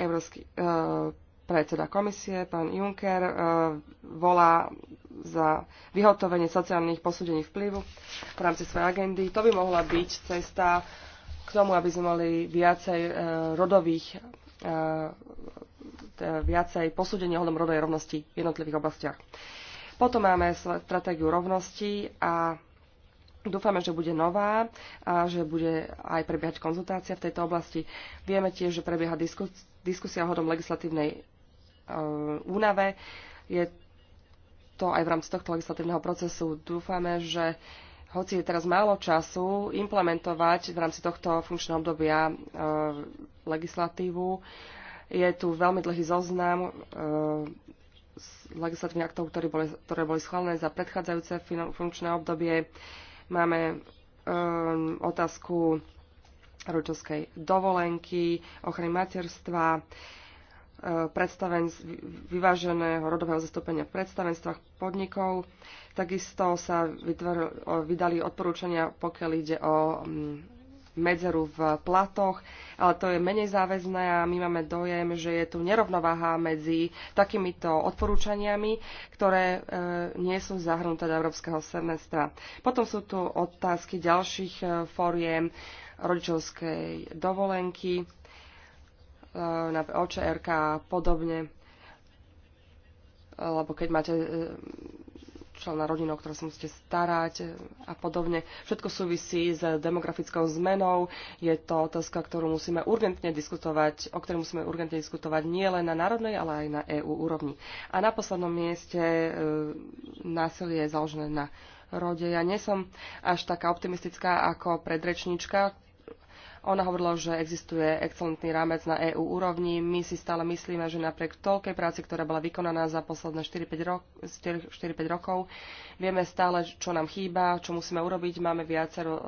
európsky predseda komisie, pán Juncker, e, volá za vyhotovenie sociálnych posúdení vplyvu v rámci svojej agendy. To by mohla byť cesta k tomu, aby sme mali viacej e, rodových e, viacej posúdenia ohľadom rodovej rovnosti v jednotlivých oblastiach. Potom máme stratégiu rovnosti a Dúfame, že bude nová a že bude aj prebiehať konzultácia v tejto oblasti. Vieme tiež, že prebieha diskusia hodom legislatívnej Eh, únave. Je to aj v rámci tohto legislatívneho procesu. Dúfame, že hoci je teraz málo času implementovať v rámci tohto funkčného obdobia e, legislatívu, je tu veľmi dlhý zoznam e, legislatívnych aktov, ktoré boli, ktoré boli schválené za predchádzajúce funkčné obdobie. Máme e, otázku rodičovskej dovolenky, ochrany materstva, e, vyváženého rodového zastúpenia v predstavenstvách podnikov. Takisto sa vydali odporúčania, pokiaľ ide o mm, medzeru v platoch, ale to je menej záväzné a my máme dojem, že je tu nerovnováha medzi takýmito odporúčaniami, ktoré e, nie sú zahrnuté do európskeho semestra. Potom sú tu otázky ďalších e, fóriem rodičovskej dovolenky E, na OČRK a podobne. E, lebo keď máte e, člena rodinou, o ktorú sa musíte starať a podobne. Všetko súvisí s demografickou zmenou. Je to otázka, ktorú musíme urgentne diskutovať, o ktorej musíme urgentne diskutovať nie len na národnej, ale aj na EÚ úrovni. A na poslednom mieste e, násilie je založené na rode. Ja nie som až taká optimistická ako predrečníčka, ona hovorila, že existuje excelentný rámec na EÚ úrovni. My si stále myslíme, že napriek toľkej práci, ktorá bola vykonaná za posledné 4-5 rok, rokov, vieme stále, čo nám chýba, čo musíme urobiť. Máme viacero e,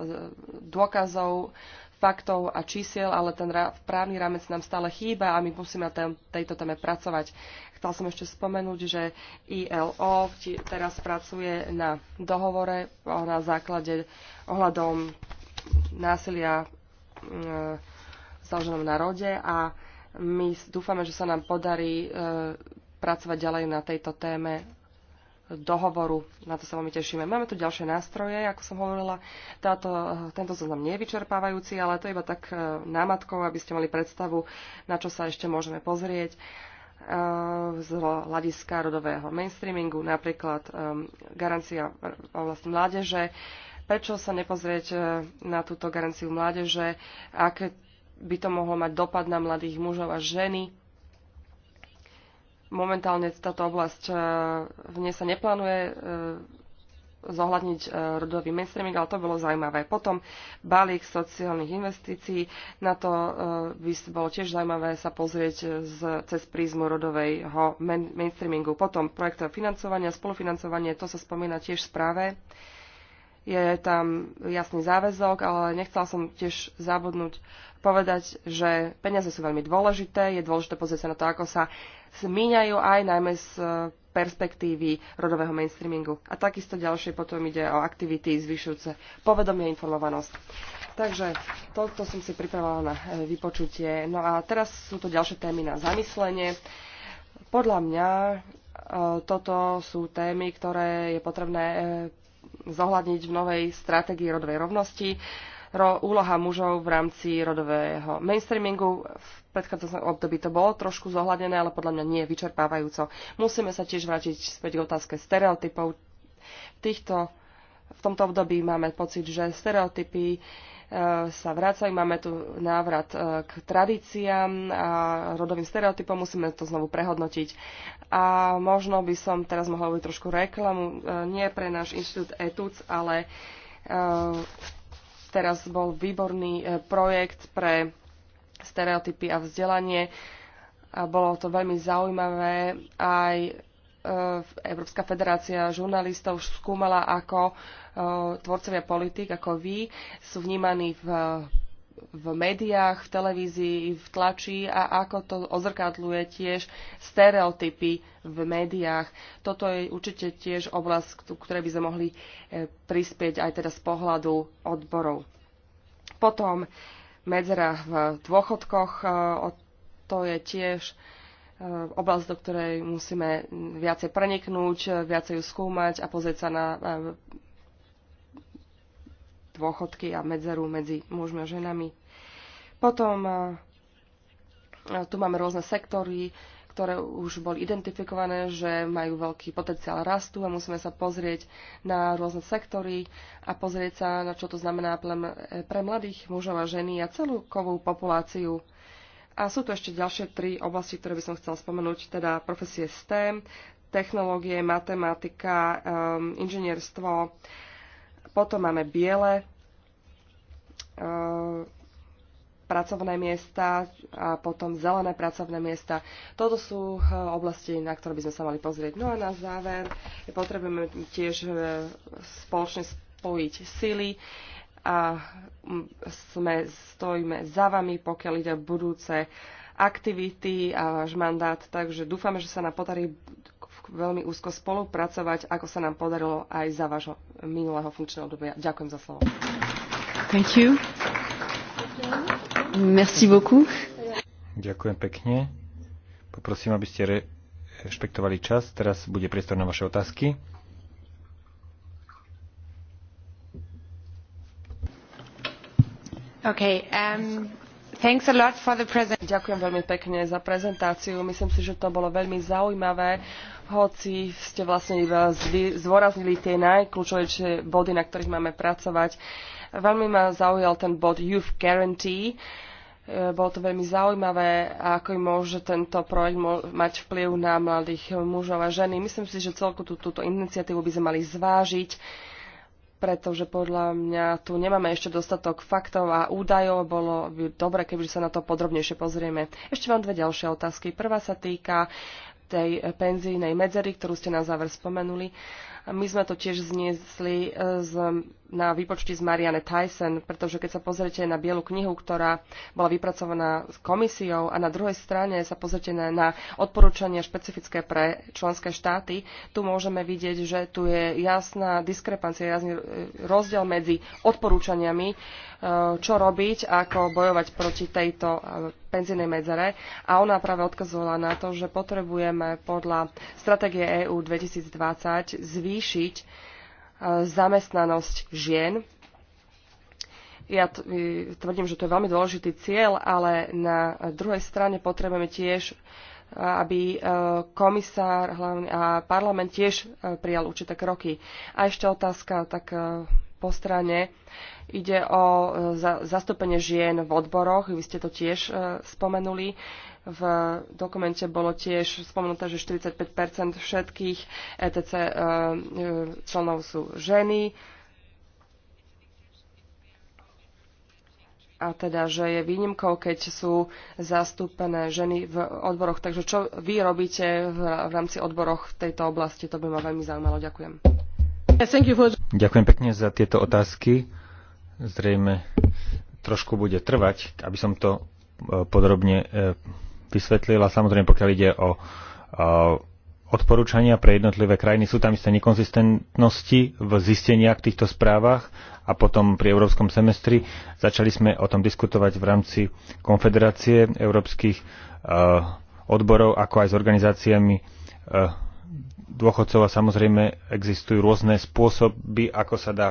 dôkazov, faktov a čísiel, ale ten právny rámec nám stále chýba a my musíme na tejto téme pracovať. Chcel som ešte spomenúť, že ILO teraz pracuje na dohovore na základe ohľadom násilia E, založenom na rode a my dúfame, že sa nám podarí e, pracovať ďalej na tejto téme dohovoru. Na to sa veľmi tešíme. Máme tu ďalšie nástroje, ako som hovorila. Táto, e, tento zoznam nie je vyčerpávajúci, ale to je iba tak námatkou, aby ste mali predstavu, na čo sa ešte môžeme pozrieť z hľadiska rodového mainstreamingu, napríklad garancia vlastne mládeže, Prečo sa nepozrieť e, na túto garanciu mládeže, aké by to mohlo mať dopad na mladých mužov a ženy? Momentálne táto oblasť, e, v nej sa neplánuje e, zohľadniť rodový mainstreaming, ale to bolo zaujímavé. Potom balík sociálnych investícií, na to by bolo tiež zaujímavé sa pozrieť z, cez prízmu rodového mainstreamingu. Potom projektové financovania, spolufinancovanie, to sa spomína tiež v správe. Uh, je tam jasný záväzok, ale nechcela som tiež zabudnúť povedať, že peniaze sú veľmi dôležité, je dôležité pozrieť sa na to, ako sa zmíňajú aj najmä z perspektívy rodového mainstreamingu. A takisto ďalšie potom ide o aktivity zvyšujúce povedomie a informovanosť. Takže toto som si pripravila na e, vypočutie. No a teraz sú to ďalšie témy na zamyslenie. Podľa mňa e, toto sú témy, ktoré je potrebné e, zohľadniť v novej stratégii rodovej rovnosti. Ro, úloha mužov v rámci rodového mainstreamingu. V predchádzajúcom období to bolo trošku zohľadené, ale podľa mňa nie vyčerpávajúco. Musíme sa tiež vrátiť späť k otázke stereotypov. týchto, v tomto období máme pocit, že stereotypy E, sa vracajú. Máme tu návrat e, k tradíciám a rodovým stereotypom, musíme to znovu prehodnotiť. A možno by som teraz mohla urobiť trošku reklamu, e, nie pre náš inštitút ETUC, ale teraz bol výborný projekt pre stereotypy a vzdelanie. A bolo to veľmi zaujímavé. Aj Eh, Európska federácia žurnalistov skúmala, ako eh, tvorcovia politik, ako vy, sú vnímaní v, v médiách, v televízii, v tlači a ako to ozrkadluje tiež stereotypy v médiách. Toto je určite tiež oblasť, ktoré by sme mohli eh, prispieť aj teda z pohľadu odborov. Potom medzera v dôchodkoch, to je tiež Eh, oblasť, do ktorej musíme viacej preniknúť, viacej ju skúmať a pozrieť sa na eh, dôchodky a medzeru medzi mužmi a ženami. Potom eh, tu máme rôzne sektory, ktoré už boli identifikované, že majú veľký potenciál rastu a musíme sa pozrieť na rôzne sektory a pozrieť sa, na čo to znamená pre mladých mužov a ženy a celú kovú populáciu a sú tu ešte ďalšie tri oblasti, ktoré by som chcela spomenúť, teda profesie STEM, technológie, matematika, um, inžinierstvo. Potom máme biele ehm, pracovné miesta a potom zelené pracovné miesta. Toto sú e, oblasti, na ktoré by sme sa mali pozrieť. No a na záver potrebujeme tiež e, spoločne spojiť sily a sme, stojíme za vami, pokiaľ ide budúce aktivity a váš mandát, takže dúfame, že sa nám podarí veľmi úzko spolupracovať, ako sa nám podarilo aj za vášho minulého funkčného obdobia. Ďakujem za slovo. Thank you. Merci beaucoup. Ďakujem pekne. Poprosím, aby ste rešpektovali čas. Teraz bude priestor na vaše otázky. Um, Ďakujem veľmi pekne za prezentáciu. Myslím si, že to bolo veľmi zaujímavé, hoci ste vlastne e, iba zdôraznili tie najkľúčovejšie body, na ktorých máme pracovať. Veľmi ma zaujal ten bod Youth Guarantee. E, bolo to veľmi zaujímavé, ako môže tento projekt mať vplyv na mladých mužov a ženy. Myslím si, že celku tú, túto iniciatívu by sme mali zvážiť pretože podľa mňa tu nemáme ešte dostatok faktov a údajov. Bolo by dobre, keby sa na to podrobnejšie pozrieme. Ešte mám dve ďalšie otázky. Prvá sa týka tej penzijnej medzery, ktorú ste na záver spomenuli. My sme to tiež zniesli e, z, na výpočti z Marianne Tyson, pretože keď sa pozrete na bielu knihu, ktorá bola vypracovaná s komisiou a na druhej strane sa pozrete na, na odporúčania špecifické pre členské štáty, tu môžeme vidieť, že tu je jasná diskrepancia, jasný e, rozdiel medzi odporúčaniami, e, čo robiť, ako bojovať proti tejto penzínej medzere. A ona práve odkazovala na to, že potrebujeme podľa stratégie EÚ 2020 zvýšiť zvýšiť e, zamestnanosť žien. Ja e, tvrdím, že to je veľmi dôležitý cieľ, ale na druhej strane potrebujeme tiež, e, aby komisár hlavne, a parlament tiež prijal určité kroky. A ešte otázka, tak po strane ide o e, zastúpenie žien v odboroch, vy ste to tiež e, spomenuli. V dokumente bolo tiež spomenuté, že 45 všetkých ETC e, členov sú ženy. a teda, že je výnimkou, keď sú zastúpené ženy v odboroch. Takže čo vy robíte v rámci odboroch v tejto oblasti, to by ma veľmi zaujímalo. Ďakujem. Ďakujem pekne za tieto otázky. Zrejme trošku bude trvať, aby som to e, podrobne e, vysvetlil, a Samozrejme, pokiaľ ide o e, odporúčania pre jednotlivé krajiny, sú tam isté nekonzistentnosti v zisteniach v týchto správach a potom pri európskom semestri začali sme o tom diskutovať v rámci Konfederácie európskych odborov, ako aj s organizáciami dôchodcov a samozrejme existujú rôzne spôsoby, ako sa dá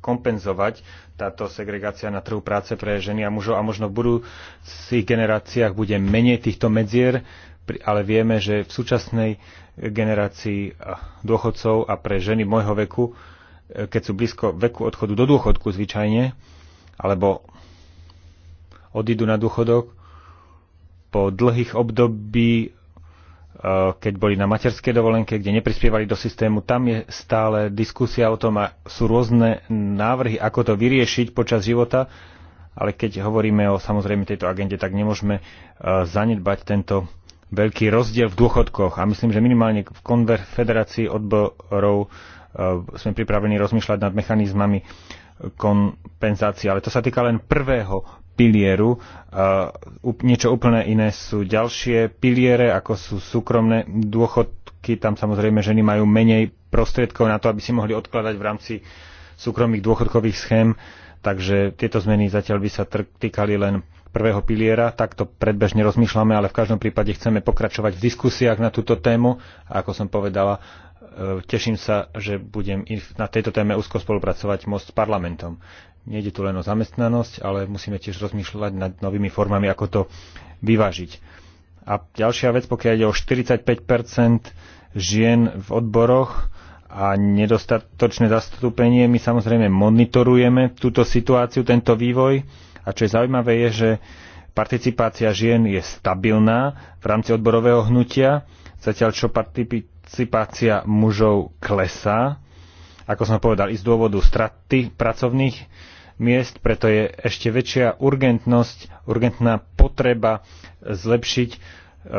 kompenzovať táto segregácia na trhu práce pre ženy a mužov a možno v budúcich generáciách bude menej týchto medzier, ale vieme, že v súčasnej generácii eh, dôchodcov a pre ženy môjho veku, eh, keď sú blízko veku odchodu do dôchodku zvyčajne, alebo odídu na dôchodok po dlhých období Eh, keď boli na materskej dovolenke, kde neprispievali do systému, tam je stále diskusia o tom a sú rôzne návrhy, ako to vyriešiť počas života, ale keď hovoríme o samozrejme tejto agende, tak nemôžeme eh, zanedbať tento veľký rozdiel v dôchodkoch a myslím, že minimálne v konfederácii odborov eh, sme pripravení rozmýšľať nad mechanizmami kompenzácie, ale to sa týka len prvého pilieru. E, niečo úplne iné sú ďalšie piliere, ako sú súkromné dôchodky. Tam samozrejme ženy majú menej prostriedkov na to, aby si mohli odkladať v rámci súkromných dôchodkových schém. Takže tieto zmeny zatiaľ by sa týkali len prvého piliera. Takto predbežne rozmýšľame, ale v každom prípade chceme pokračovať v diskusiách na túto tému. A ako som povedala, e, teším sa, že budem na tejto téme úzko spolupracovať most s parlamentom. Nejde tu len o zamestnanosť, ale musíme tiež rozmýšľať nad novými formami, ako to vyvážiť. A ďalšia vec, pokiaľ ide o 45 žien v odboroch a nedostatočné zastúpenie, my samozrejme monitorujeme túto situáciu, tento vývoj. A čo je zaujímavé, je, že participácia žien je stabilná v rámci odborového hnutia, zatiaľ čo participácia mužov klesá, ako som povedal, i z dôvodu straty pracovných miest, preto je ešte väčšia urgentnosť, urgentná potreba zlepšiť, e,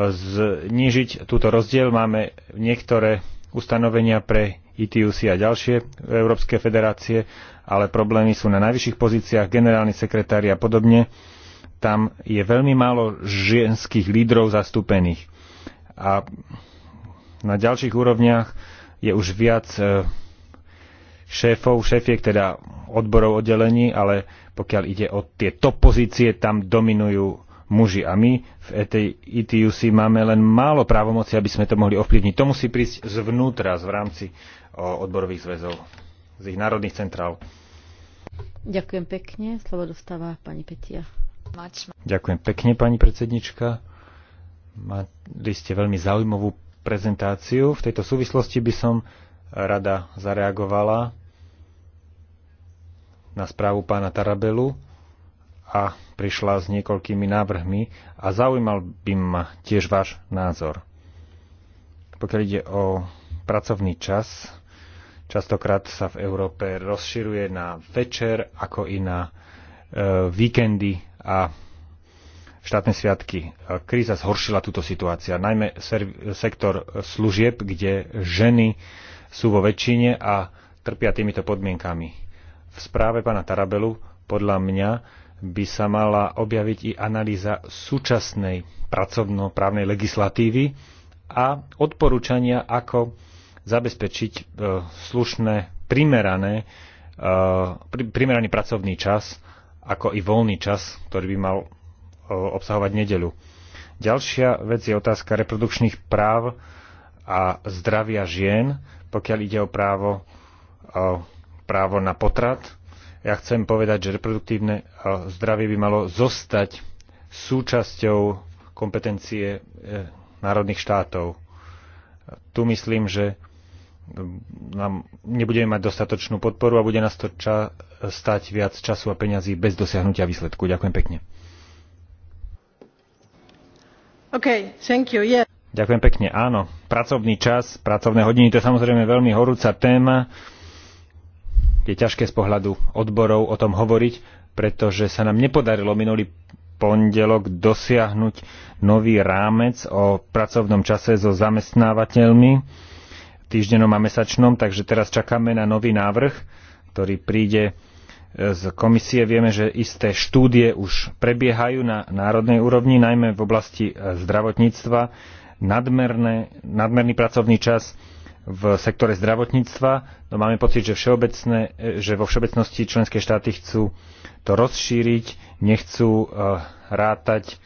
znížiť túto rozdiel. Máme niektoré ustanovenia pre ITUC e a ďalšie európske federácie, ale problémy sú na najvyšších pozíciách, generálny sekretári a podobne. Tam je veľmi málo ženských lídrov zastúpených. A na ďalších úrovniach je už viac e, šéfov, šéfiek, teda odborov oddelení, ale pokiaľ ide o tie top pozície, tam dominujú muži a my v ETUC máme len málo právomoci, aby sme to mohli ovplyvniť. To musí prísť zvnútra, v rámci odborových zväzov, z ich národných centrál. Ďakujem pekne. Slovo dostáva pani Petia. Mač. Ďakujem pekne, pani predsednička. Mali ste veľmi zaujímavú prezentáciu. V tejto súvislosti by som rada zareagovala na správu pána Tarabelu a prišla s niekoľkými návrhmi a zaujímal by ma tiež váš názor. Pokiaľ ide o pracovný čas, častokrát sa v Európe rozširuje na večer ako i na e, víkendy a štátne sviatky. Kríza zhoršila túto situáciu, najmä sektor služieb, kde ženy sú vo väčšine a trpia týmito podmienkami v správe pána Tarabelu podľa mňa by sa mala objaviť i analýza súčasnej pracovno-právnej legislatívy a odporúčania, ako zabezpečiť e, slušné, primerané, e, primeraný pracovný čas, ako i voľný čas, ktorý by mal e, obsahovať nedeľu. Ďalšia vec je otázka reprodukčných práv a zdravia žien, pokiaľ ide o právo právo na potrat. Ja chcem povedať, že reproduktívne zdravie by malo zostať súčasťou kompetencie e, národných štátov. Tu myslím, že nám nebudeme mať dostatočnú podporu a bude nás to ča- stať viac času a peňazí bez dosiahnutia výsledku. Ďakujem pekne. Okay, thank you. Yeah. Ďakujem pekne. Áno, pracovný čas, pracovné hodiny, to je samozrejme veľmi horúca téma je ťažké z pohľadu odborov o tom hovoriť, pretože sa nám nepodarilo minulý pondelok dosiahnuť nový rámec o pracovnom čase so zamestnávateľmi týždenom a mesačnom, takže teraz čakáme na nový návrh, ktorý príde e, z komisie. Vieme, že isté štúdie už prebiehajú na národnej úrovni, najmä v oblasti e, zdravotníctva. Nadmerné, nadmerný pracovný čas v sektore zdravotníctva. No máme pocit, že, e, že vo všeobecnosti členské štáty chcú to rozšíriť, nechcú e, rátať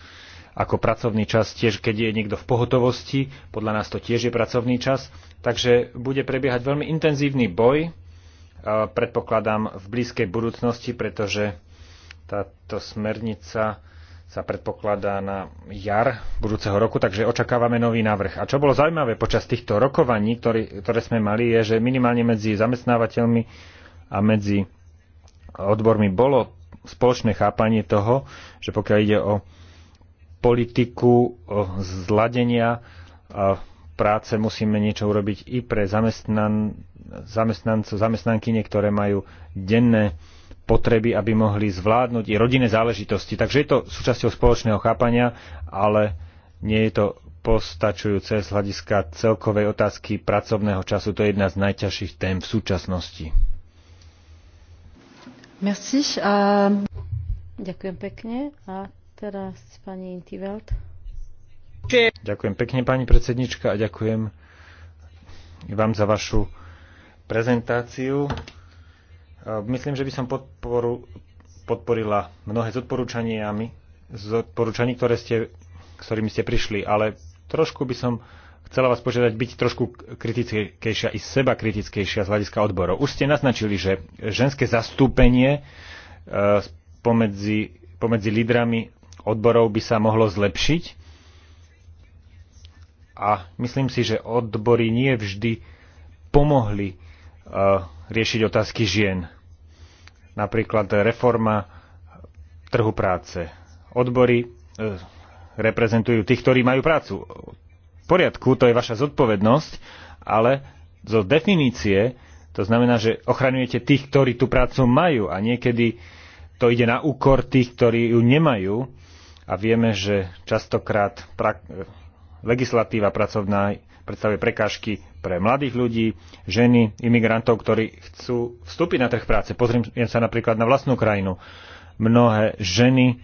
ako pracovný čas, tiež keď je niekto v pohotovosti, podľa nás to tiež je pracovný čas. Takže bude prebiehať veľmi intenzívny boj, e, predpokladám v blízkej budúcnosti, pretože táto smernica sa predpokladá na jar budúceho roku, takže očakávame nový návrh. A čo bolo zaujímavé počas týchto rokovaní, ktorý, ktoré sme mali, je, že minimálne medzi zamestnávateľmi a medzi odbormi bolo spoločné chápanie toho, že pokiaľ ide o politiku o zladenia práce, musíme niečo urobiť i pre zamestnan, zamestnancov, zamestnanky, ktoré majú denné potreby, aby mohli zvládnuť i rodinné záležitosti. Takže je to súčasťou spoločného chápania, ale nie je to postačujúce z hľadiska celkovej otázky pracovného času. To je jedna z najťažších tém v súčasnosti. Merci. A... Ďakujem pekne. A teraz pani Intivelt. Ďakujem pekne, pani predsednička, a ďakujem vám za vašu prezentáciu. Ehm, myslím, že by som podporu, podporila mnohé z odporúčaniami, z odporúčaní, ktoré ste, ktorými ste prišli, ale trošku by som chcela vás požiadať byť trošku kritickejšia i seba kritickejšia z hľadiska odborov. Už ste naznačili, že ženské zastúpenie ehm, pomedzi, pomedzi lídrami odborov by sa mohlo zlepšiť a myslím si, že odbory nie vždy pomohli ehm, riešiť otázky žien. Napríklad reforma trhu práce. Odbory e, reprezentujú tých, ktorí majú prácu. V poriadku, to je vaša zodpovednosť, ale zo definície to znamená, že ochraňujete tých, ktorí tú prácu majú a niekedy to ide na úkor tých, ktorí ju nemajú a vieme, že častokrát e, legislatíva pracovná predstavuje prekážky pre mladých ľudí, ženy, imigrantov, ktorí chcú vstúpiť na trh práce. Pozriem sa napríklad na vlastnú krajinu. Mnohé ženy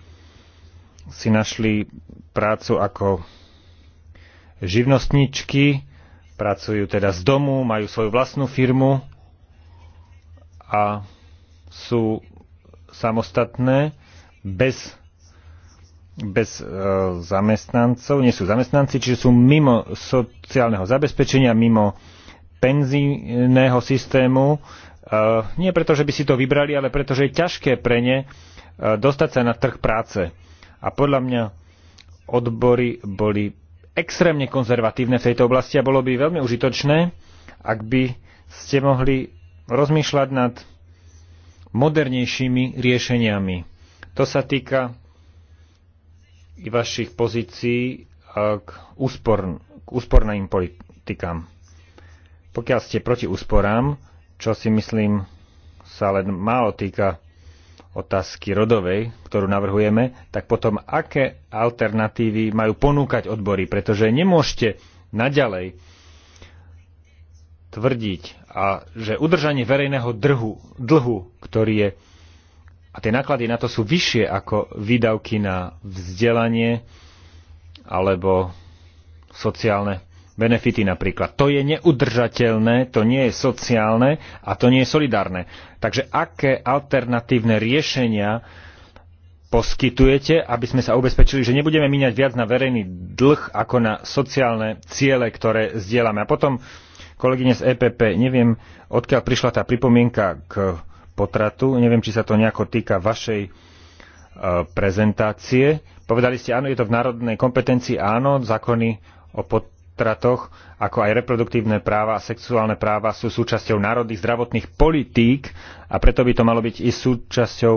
si našli prácu ako živnostničky, pracujú teda z domu, majú svoju vlastnú firmu a sú samostatné bez bez e, zamestnancov, nie sú zamestnanci, čiže sú mimo sociálneho zabezpečenia, mimo penzijného systému. E, nie preto, že by si to vybrali, ale preto, že je ťažké pre ne e, dostať sa na trh práce. A podľa mňa odbory boli extrémne konzervatívne v tejto oblasti a bolo by veľmi užitočné, ak by ste mohli rozmýšľať nad modernejšími riešeniami. To sa týka i vašich pozícií k, úspor, k úsporným politikám. Pokiaľ ste proti úsporám, čo si myslím sa len málo týka otázky rodovej, ktorú navrhujeme, tak potom aké alternatívy majú ponúkať odbory, pretože nemôžete naďalej tvrdiť, a že udržanie verejného drhu, dlhu, ktorý je a tie náklady na to sú vyššie ako výdavky na vzdelanie alebo sociálne benefity napríklad. To je neudržateľné, to nie je sociálne a to nie je solidárne. Takže aké alternatívne riešenia poskytujete, aby sme sa ubezpečili, že nebudeme míňať viac na verejný dlh ako na sociálne ciele, ktoré zdieľame. A potom kolegyne z EPP, neviem, odkiaľ prišla tá pripomienka k potratu. Neviem, či sa to nejako týka vašej e, prezentácie. Povedali ste, áno, je to v národnej kompetencii, áno, zákony o potratoch, ako aj reproduktívne práva a sexuálne práva sú súčasťou národných zdravotných politík a preto by to malo byť i súčasťou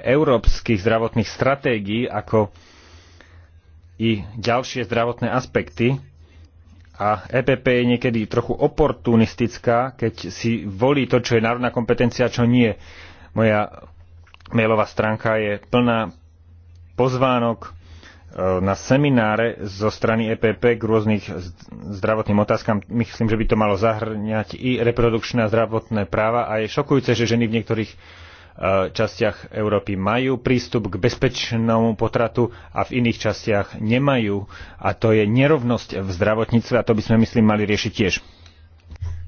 európskych zdravotných stratégií, ako i ďalšie zdravotné aspekty a EPP je niekedy trochu oportunistická, keď si volí to, čo je národná kompetencia, čo nie. Moja mailová stránka je plná pozvánok e, na semináre zo strany EPP k rôznych zdravotným otázkam. Myslím, že by to malo zahrňať i reprodukčné a zdravotné práva a je šokujúce, že ženy v niektorých Eh, častiach Európy majú prístup k bezpečnému potratu a v iných častiach nemajú. A to je nerovnosť v zdravotníctve a to by sme, myslím, mali riešiť tiež.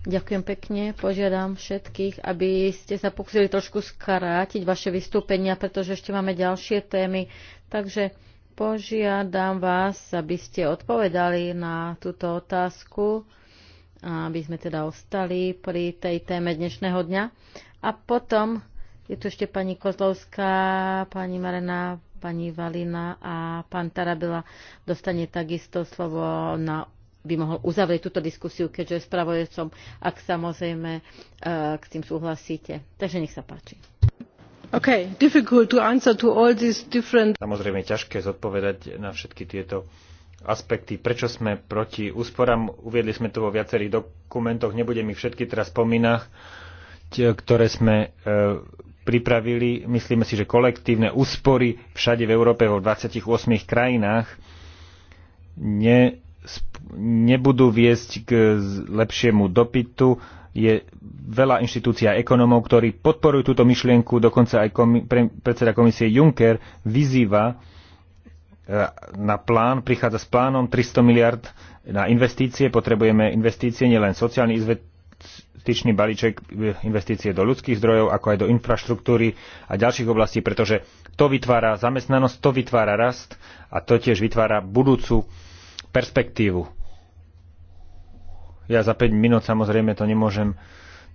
Ďakujem pekne. Požiadam všetkých, aby ste sa pokúsili trošku skrátiť vaše vystúpenia, pretože ešte máme ďalšie témy. Takže požiadam vás, aby ste odpovedali na túto otázku, aby sme teda ostali pri tej téme dnešného dňa. A potom je tu ešte pani Kozlovská, pani Marena, pani Valina a pán Tarabila dostane takisto slovo na by mohol uzavrieť túto diskusiu, keďže je spravodajcom, ak samozrejme e, k tým súhlasíte. Takže nech sa páči. Okay. Difficult to answer to all these different... Samozrejme, ťažké zodpovedať na všetky tieto aspekty, prečo sme proti úsporám. Uviedli sme to vo viacerých dokumentoch, nebudem ich všetky teraz spomínať, ktoré sme e, pripravili, myslíme si, že kolektívne úspory všade v Európe vo 28 krajinách ne, nebudú viesť k lepšiemu dopytu. Je veľa inštitúcií a ekonomov, ktorí podporujú túto myšlienku, dokonca aj komi- pre- predseda komisie Juncker vyzýva e, na plán, prichádza s plánom 300 miliard na investície, potrebujeme investície, nielen sociálny investičný balíček e, investície do ľudských zdrojov, ako aj do infraštruktúry a ďalších oblastí, pretože to vytvára zamestnanosť, to vytvára rast a to tiež vytvára budúcu perspektívu. Ja za 5 minút samozrejme to nemôžem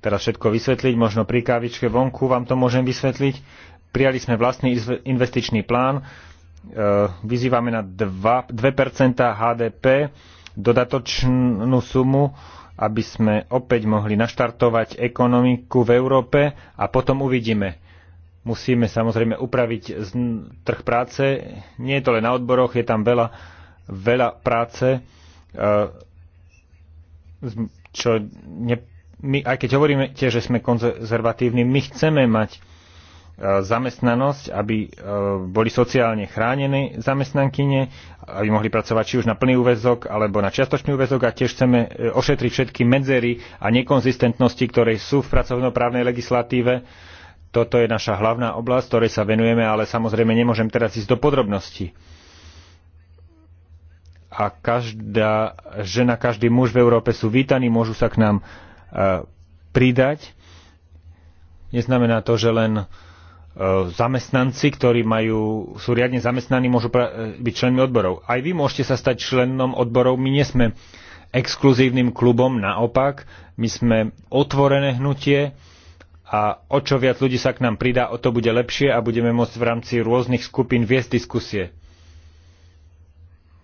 teraz všetko vysvetliť, možno pri kávičke vonku vám to môžem vysvetliť. Prijali sme vlastný investičný plán, e, vyzývame na 2, 2% HDP, dodatočnú sumu aby sme opäť mohli naštartovať ekonomiku v Európe a potom uvidíme. Musíme samozrejme upraviť trh práce. Nie je to len na odboroch, je tam veľa, veľa práce, e, čo ne, my, aj keď hovoríme tiež, že sme konzervatívni, my chceme mať E, zamestnanosť, aby e, boli sociálne chránené zamestnankyne, aby mohli pracovať či už na plný úvezok alebo na čiastočný úvezok a tiež chceme e, ošetriť všetky medzery a nekonzistentnosti, ktoré sú v pracovnoprávnej legislatíve. Toto je naša hlavná oblasť, ktorej sa venujeme, ale samozrejme nemôžem teraz ísť do podrobností. A každá žena, každý muž v Európe sú vítaní, môžu sa k nám pridať. Neznamená to, že len uh, E, zamestnanci, ktorí majú, sú riadne zamestnaní, môžu e, byť členmi odborov. Aj vy môžete sa stať členom odborov, my nie sme exkluzívnym klubom, naopak, my sme otvorené hnutie a o čo viac ľudí sa k nám pridá, o to bude lepšie a budeme môcť v rámci rôznych skupín viesť diskusie.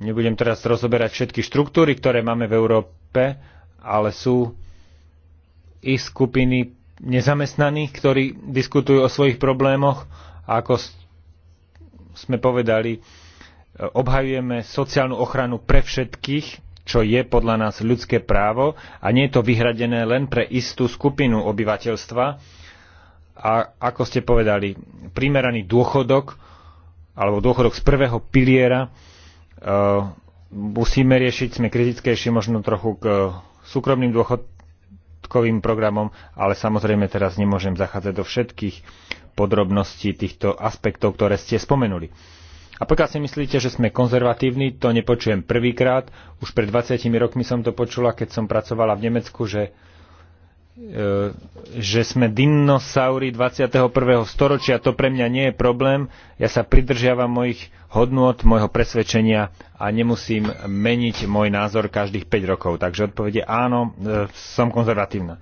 Nebudem teraz rozoberať všetky štruktúry, ktoré máme v Európe, ale sú ich skupiny nezamestnaných, ktorí diskutujú o svojich problémoch a ako sme povedali, e, obhajujeme sociálnu ochranu pre všetkých, čo je podľa nás ľudské právo a nie je to vyhradené len pre istú skupinu obyvateľstva. A ako ste povedali, primeraný dôchodok alebo dôchodok z prvého piliera uh, musíme riešiť, sme kritickejšie možno trochu k e, súkromným dôchodkom skutkovým programom, ale samozrejme teraz nemôžem zachádzať do všetkých podrobností týchto aspektov, ktoré ste spomenuli. A pokiaľ si myslíte, že sme konzervatívni, to nepočujem prvýkrát. Už pred 20 rokmi som to počula, keď som pracovala v Nemecku, že E, že sme dinosauri 21. storočia, to pre mňa nie je problém. Ja sa pridržiavam mojich hodnôt, môjho presvedčenia a nemusím meniť môj názor každých 5 rokov. Takže odpovede áno, e, som konzervatívna.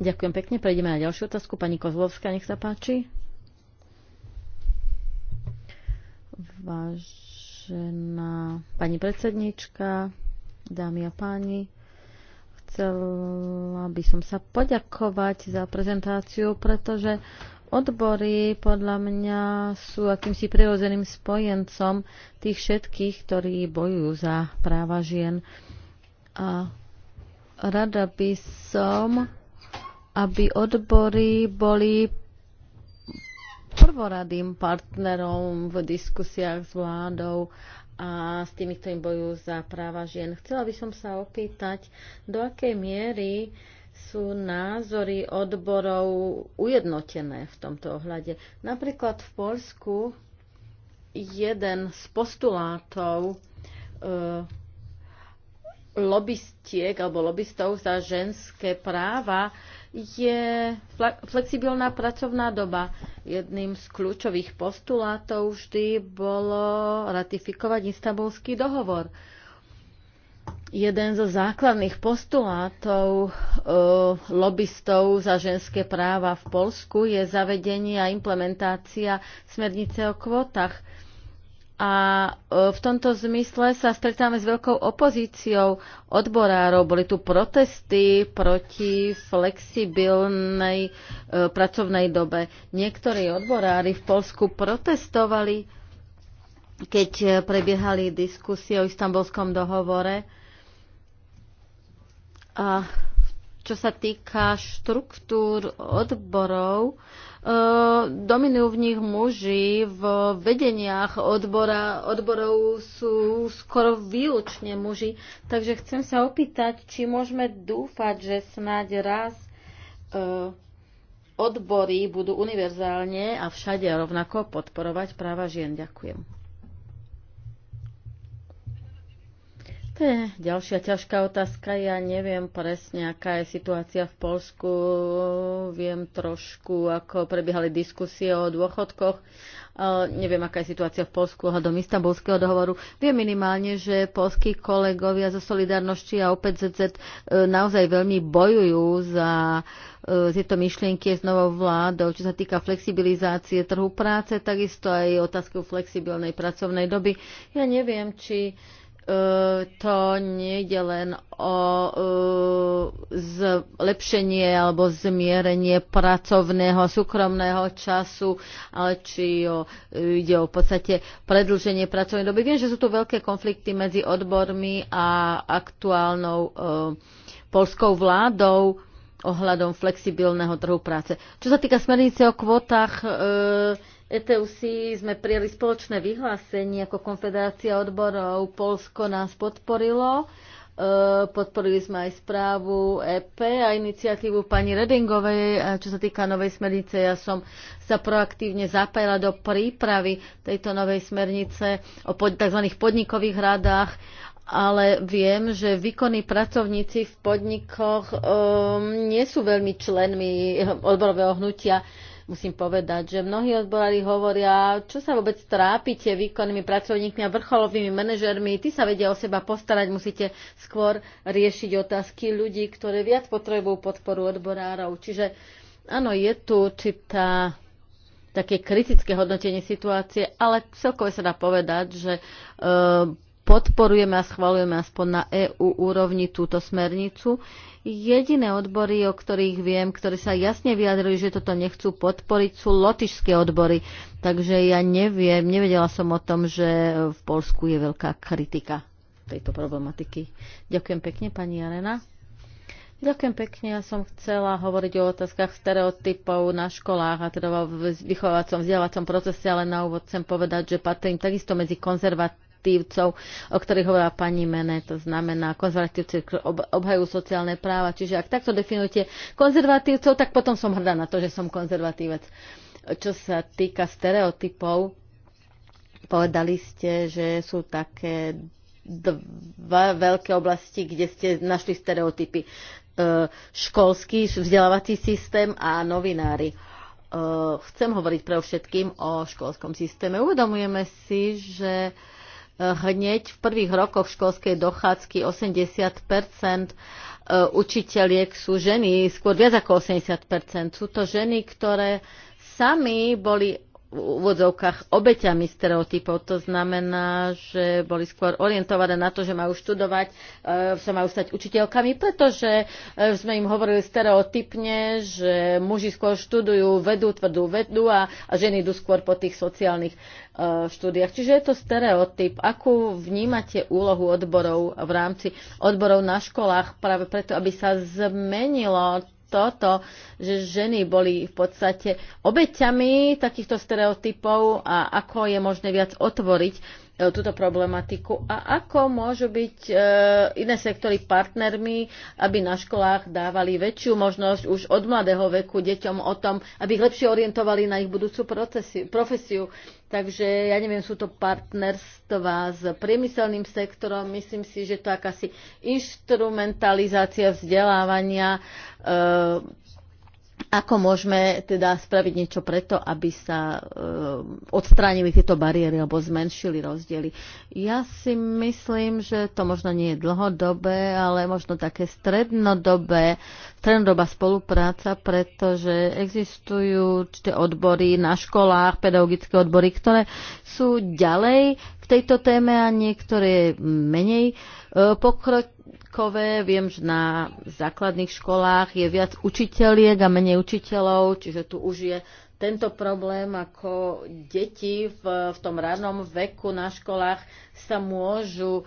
Ďakujem pekne. Prejdeme na ďalšiu otázku. Pani Kozlovská, nech sa páči. Vážená pani predsednička, dámy a páni, Chcela by som sa poďakovať za prezentáciu, pretože odbory podľa mňa sú akýmsi prirodzeným spojencom tých všetkých, ktorí bojujú za práva žien. A rada by som, aby odbory boli prvoradým partnerom v diskusiách s vládou a s tými, ktorí bojujú za práva žien. Chcela by som sa opýtať, do akej miery sú názory odborov ujednotené v tomto ohľade. Napríklad v Polsku jeden z postulátov e, lobbystiek alebo lobbystov za ženské práva e, je flexibilná pracovná doba. Jedným z kľúčových postulátov vždy bolo ratifikovať Istanbulský dohovor. Jeden zo základných postulátov e, lobbystov za ženské práva v Polsku je zavedenie a implementácia smernice o kvotách a e, v tomto zmysle sa stretáme s veľkou opozíciou odborárov. Boli tu protesty proti flexibilnej e, pracovnej dobe. Niektorí odborári v Polsku protestovali, keď e, prebiehali diskusie o istambulskom dohovore. A čo sa týka štruktúr odborov, e, Ehm, dominujú v nich muži, v vedeniach odbora, odborov sú skoro výlučne muži. Takže chcem sa opýtať, či môžeme dúfať, že snáď raz ehm, odbory budú univerzálne a všade rovnako podporovať práva žien. Ďakujem. To je ďalšia ťažká otázka. Ja neviem presne, aká je situácia v Polsku. Viem trošku, ako prebiehali diskusie o dôchodkoch. Neviem, aká je situácia v Polsku ohľadom istambulského dohovoru. Viem minimálne, že polskí kolegovia zo Solidarnosti a OPZZ naozaj veľmi bojujú za e, tieto myšlienky s novou vládou, čo sa týka flexibilizácie trhu práce, takisto aj otázku flexibilnej pracovnej doby. Ja neviem, či E, to je len o e, zlepšenie alebo zmierenie pracovného, súkromného času, ale či o, ide o podstate predlženie pracovnej doby. Viem, že sú tu veľké konflikty medzi odbormi a aktuálnou e, polskou vládou ohľadom flexibilného trhu práce. Čo sa týka smernice o kvotách, ETUC sme prijali spoločné vyhlásenie ako Konfederácia odborov. Polsko nás podporilo. E, podporili sme aj správu EP a iniciatívu pani Redingovej, čo sa týka novej smernice. Ja som sa proaktívne zapájala do prípravy tejto novej smernice o tzv. podnikových radách ale viem, že výkonní pracovníci v podnikoch um, nie sú veľmi členmi odborového hnutia. Uh, musím povedať, že mnohí odborári hovoria, čo sa vôbec trápite výkonnými pracovníkmi a vrcholovými manažermi, ty sa vedia o seba postarať, musíte skôr riešiť otázky ľudí, ktoré viac potrebujú podporu odborárov. Čiže áno, je tu určitá také kritické hodnotenie situácie, ale celkové sa dá povedať, že e, podporujeme a schvalujeme aspoň na EU úrovni túto smernicu. Jediné odbory, o ktorých viem, ktorí sa jasne vyjadrili, že toto nechcú podporiť, sú lotišské odbory. Takže ja neviem, nevedela som o tom, že v Polsku je veľká kritika tejto problematiky. Ďakujem pekne, pani Arena. Ďakujem pekne. Ja som chcela hovoriť o otázkach stereotypov na školách a teda v vychovacom vzdelávacom procese, ale na úvod chcem povedať, že patrím takisto medzi konzervat konzervatívcov, o ktorých hovorila pani Mene, to znamená konzervatívci obhajú sociálne práva. Čiže ak takto definujete konzervatívcov, tak potom som hrdá na to, že som konzervatívec. Čo sa týka stereotypov, povedali ste, že sú také dva veľké oblasti, kde ste našli stereotypy. E, školský vzdelávací systém a novinári e, chcem hovoriť pre všetkým o školskom systéme. Uvedomujeme si, že hneď v prvých rokoch školskej dochádzky 80 e, učiteľiek sú ženy, skôr viac ako 80 Sú to ženy, ktoré sami boli úvodzovkách obeťami stereotypov. To znamená, že boli skôr orientované na to, že majú študovať, eh, sa majú stať učiteľkami, pretože eh, sme im hovorili stereotypne, že muži skôr študujú vedú, tvrdú vedu a, a ženy idú skôr po tých sociálnych eh, štúdiách. Čiže je to stereotyp. Akú vnímate úlohu odborov v rámci odborov na školách práve preto, aby sa zmenilo toto, že ženy boli v podstate obeťami takýchto stereotypov a ako je možné viac otvoriť E, túto problematiku a ako môžu byť e, iné sektory partnermi, aby na školách dávali väčšiu možnosť už od mladého veku deťom o tom, aby ich lepšie orientovali na ich budúcu procesiu, profesiu. Takže ja neviem, sú to partnerstva s priemyselným sektorom. Myslím si, že to akási instrumentalizácia vzdelávania e, ako môžeme teda spraviť niečo preto, aby sa e, odstránili tieto bariéry alebo zmenšili rozdiely? Ja si myslím, že to možno nie je dlhodobé, ale možno také strednodobé, strednodobá spolupráca, pretože existujú určité odbory na školách, pedagogické odbory, ktoré sú ďalej v tejto téme a niektoré menej e, výchove. Viem, že na základných školách je viac učiteľiek a menej učiteľov, čiže tu už je tento problém, ako deti v, v tom ranom veku na školách sa môžu e,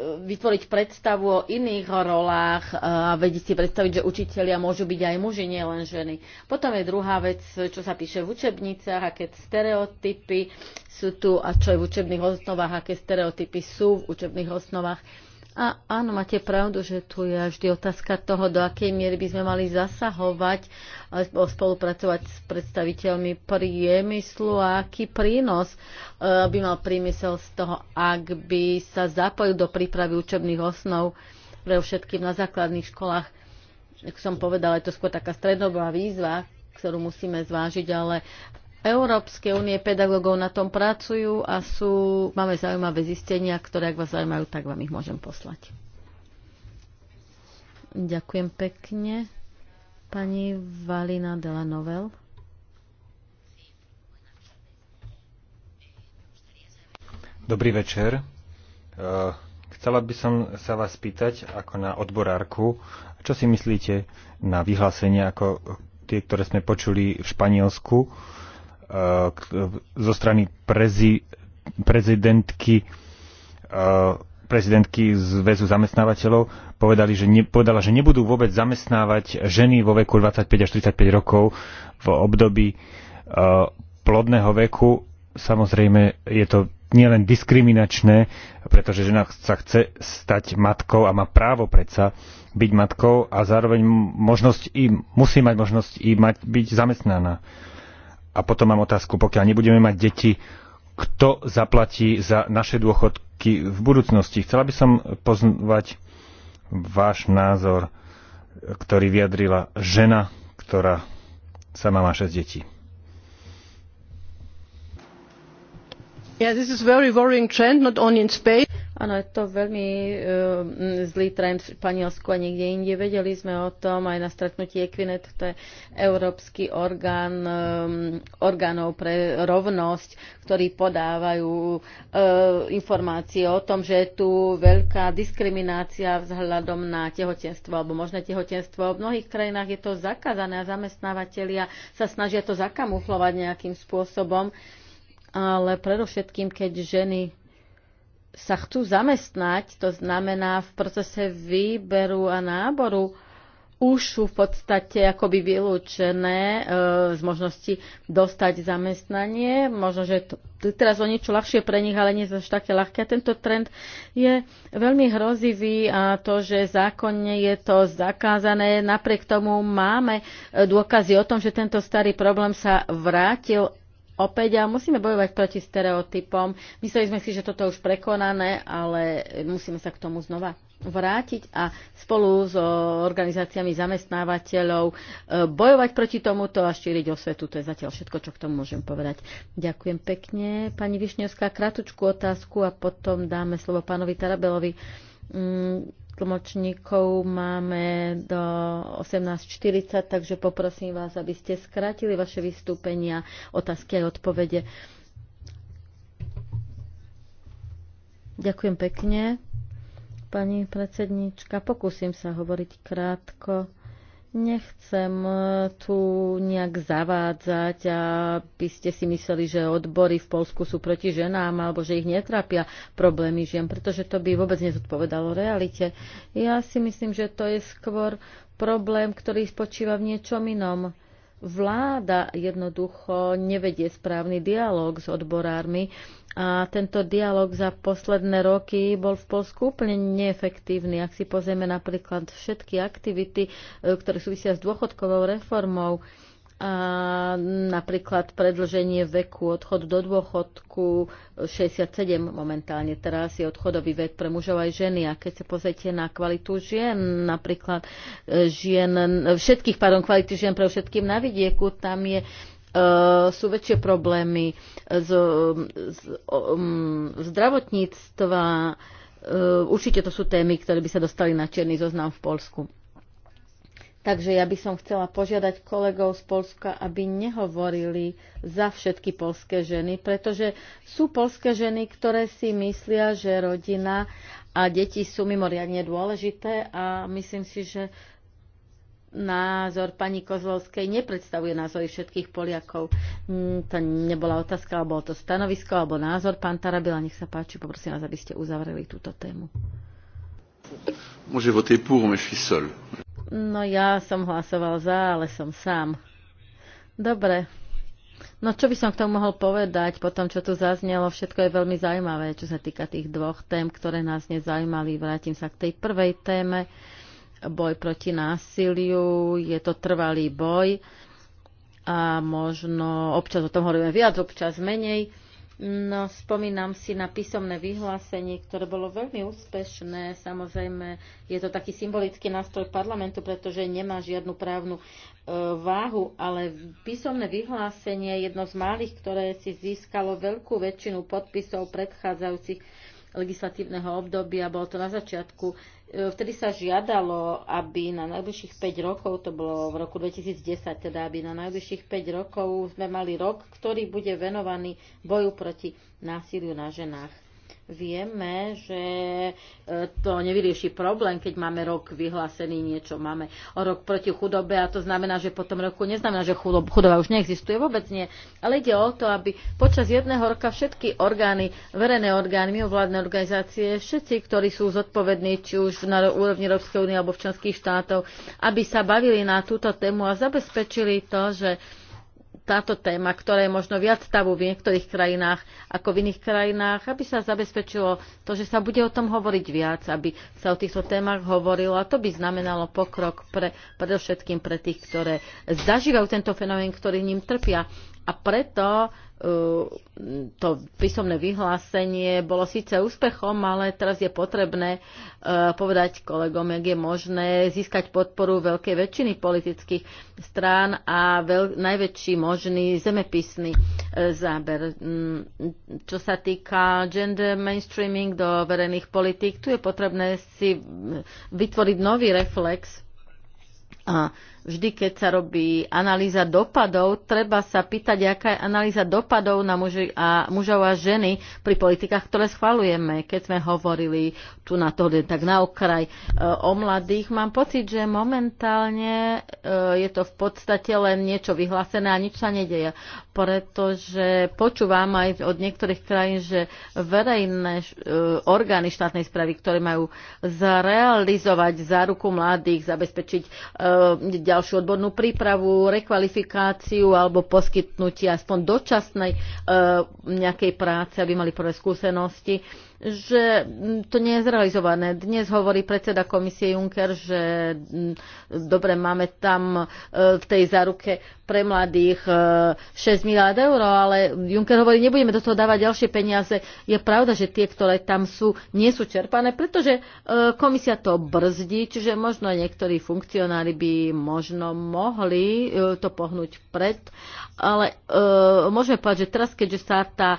vytvoriť predstavu o iných rolách eh, a vedieť si predstaviť, že učitelia môžu byť aj muži, nie len ženy. Potom je druhá vec, čo sa píše v učebnicách, aké stereotypy sú tu a čo je v učebných osnovách, aké stereotypy sú v učebných osnovách. A áno, máte pravdu, že tu je vždy otázka toho, do akej miery by sme mali zasahovať a eh, spolupracovať s predstaviteľmi priemyslu a aký prínos eh, by mal priemysel z toho, ak by sa zapojil do prípravy učebných osnov pre všetkým na základných školách. Ako som povedala, je to skôr taká stredobá výzva, ktorú musíme zvážiť, ale Európskej únie pedagógov na tom pracujú a sú, máme zaujímavé zistenia, ktoré ak vás zaujímajú, tak vám ich môžem poslať. Ďakujem pekne. Pani Valina Dela Novel. Dobrý večer. E, chcela by som sa vás spýtať, ako na odborárku, čo si myslíte na vyhlásenie, ako tie, ktoré sme počuli v Španielsku, E, zo strany prezi, prezidentky e, prezidentky zväzu zamestnávateľov povedali, že ne, povedala, že nebudú vôbec zamestnávať ženy vo veku 25 až 35 rokov v období uh, plodného veku. Samozrejme je to nielen diskriminačné, pretože žena sa chce stať matkou a má právo predsa byť matkou a zároveň možnosť i, musí mať možnosť i mať, byť zamestnaná. Uh, a potom mám otázku, pokiaľ nebudeme mať deti, kto zaplatí za naše dôchodky v budúcnosti. Chcela by som poznať váš názor, ktorý vyjadrila žena, ktorá sama má 6 detí. Yeah, this is very worrying trend, not only in Spain. Áno, je to veľmi uh, zlý trend v Španielsku a niekde inde. Vedeli sme o tom aj na stretnutí Equinet, to je Európsky orgán um, orgánov pre rovnosť, ktorí podávajú uh, informácie o tom, že je tu veľká diskriminácia vzhľadom na tehotenstvo alebo možné tehotenstvo. V mnohých krajinách je to zakázané a zamestnávateľia sa snažia to zakamuflovať nejakým spôsobom, ale predovšetkým, keď ženy sa chcú zamestnať, to znamená v procese výberu a náboru, už sú v podstate akoby vylúčené e, z možnosti dostať zamestnanie. Možno, že to, teraz o niečo ľahšie pre nich, ale nie je to také ľahké. A tento trend je veľmi hrozivý a to, že zákonne je to zakázané, napriek tomu máme e, dôkazy o tom, že tento starý problém sa vrátil opäť a musíme bojovať proti stereotypom. Mysleli sme si, že toto je už prekonané, ale musíme sa k tomu znova vrátiť a spolu s organizáciami zamestnávateľov e, bojovať proti tomuto a šíriť osvetu. To je zatiaľ všetko, čo k tomu môžem povedať. Ďakujem pekne. Pani Višňovská, kratučku otázku a potom dáme slovo pánovi Tarabelovi. Mm, tlmočníkov máme do 18.40, takže poprosím vás, aby ste skrátili vaše vystúpenia, otázky a odpovede. Ďakujem pekne, pani predsednička. Pokúsim sa hovoriť krátko. Nechcem e, tu nejak zavádzať, aby ste si mysleli, že odbory v Polsku sú proti ženám alebo že ich netrápia problémy žien, pretože to by vôbec nezodpovedalo realite. Ja si myslím, že to je skôr problém, ktorý spočíva v niečom inom vláda jednoducho nevedie správny dialog s odborármi a tento dialog za posledné roky bol v Polsku úplne neefektívny. Ak si pozrieme napríklad všetky aktivity, e, ktoré súvisia s dôchodkovou reformou, a napríklad predlženie veku, odchod do dôchodku 67 momentálne teraz je odchodový vek pre mužov aj ženy. A keď sa pozrite na kvalitu žien, napríklad e, žien, e, všetkých, pardon, kvality žien pre všetkým na vidieku, tam je e, sú väčšie problémy z, z um, zdravotníctva. Určite to sú témy, ktoré by sa dostali na černý zoznam v Polsku. Takže ja by som chcela požiadať kolegov z Polska, aby nehovorili za všetky polské ženy, pretože sú polské ženy, ktoré si myslia, že rodina a deti sú mimoriadne dôležité a myslím si, že názor pani Kozlovskej nepredstavuje názory všetkých Poliakov. Mm, to nebola otázka, alebo to stanovisko, alebo názor. Pán Tarabila, nech sa páči, poprosím vás, aby ste uzavreli túto tému. Môže j'ai pour, mais je suis seul. No ja som hlasoval za, ale som sám. Dobre. No čo by som k tomu mohol povedať po tom, čo tu zaznelo? Všetko je veľmi zaujímavé, čo sa týka tých dvoch tém, ktoré nás nezaujímali. Vrátim sa k tej prvej téme. Boj proti násiliu. Je to trvalý boj. A možno občas o tom hovoríme viac, občas menej No, spomínam si na písomné vyhlásenie, ktoré bolo veľmi úspešné. Samozrejme, je to taký symbolický nástroj parlamentu, pretože nemá žiadnu právnu e, váhu, ale písomné vyhlásenie je jedno z malých, ktoré si získalo veľkú väčšinu podpisov predchádzajúcich legislatívneho obdobia. Bolo to na začiatku E, vtedy sa žiadalo, aby na najbližších 5 rokov, to bolo v roku 2010, teda aby na najbližších 5 rokov sme mali rok, ktorý bude venovaný boju proti násiliu na ženách vieme, že e, to nevyrieši problém, keď máme rok vyhlásený niečo, máme o rok proti chudobe a to znamená, že po tom roku neznamená, že chudoba už neexistuje, vôbec nie. Ale ide o to, aby počas jedného roka všetky orgány, verejné orgány, mimovládne organizácie, všetci, ktorí sú zodpovední, či už na úrovni Európskej únie alebo v členských štátov, aby sa bavili na túto tému a zabezpečili to, že táto téma, ktorá je možno viac stavu v niektorých krajinách ako v iných krajinách, aby sa zabezpečilo to, že sa bude o tom hovoriť viac, aby sa o týchto témach hovorilo a to by znamenalo pokrok pre, predovšetkým pre tých, ktoré zažívajú tento fenomén, ktorí ním trpia. A preto eh, to písomné vyhlásenie bolo síce úspechom, ale teraz je potrebné eh, povedať kolegom, ak je možné získať podporu veľkej väčšiny politických strán a najväčší možný zemepisný eh, záber. Mm, čo sa týka gender mainstreaming do verejných politík, tu je potrebné si mm, vytvoriť nový reflex a vždy, keď sa robí analýza dopadov, treba sa pýtať, aká je analýza dopadov na muži a, mužov a ženy pri politikách, ktoré schvalujeme. Keď sme hovorili tu na to, tak na okraj e, o mladých, mám pocit, že momentálne e, je to v podstate len niečo vyhlásené a nič sa nedeje. Pretože počúvam aj od niektorých krajín, že verejné e, orgány štátnej správy, ktoré majú zrealizovať záruku mladých, zabezpečiť ďalšiu odbornú prípravu, rekvalifikáciu alebo poskytnutie aspoň dočasnej e, nejakej práce, aby mali prvé skúsenosti že to nie je zrealizované. Dnes hovorí predseda komisie Juncker, že dobre, máme tam e, v tej záruke pre mladých 6 e, miliard eur, ale Juncker hovorí, nebudeme do toho dávať ďalšie peniaze. Je pravda, že tie, ktoré tam sú, nie sú čerpané, pretože e, komisia to brzdí, čiže možno niektorí funkcionári by možno mohli to pohnúť pred, ale môžeme povedať, že teraz, keďže sa tá,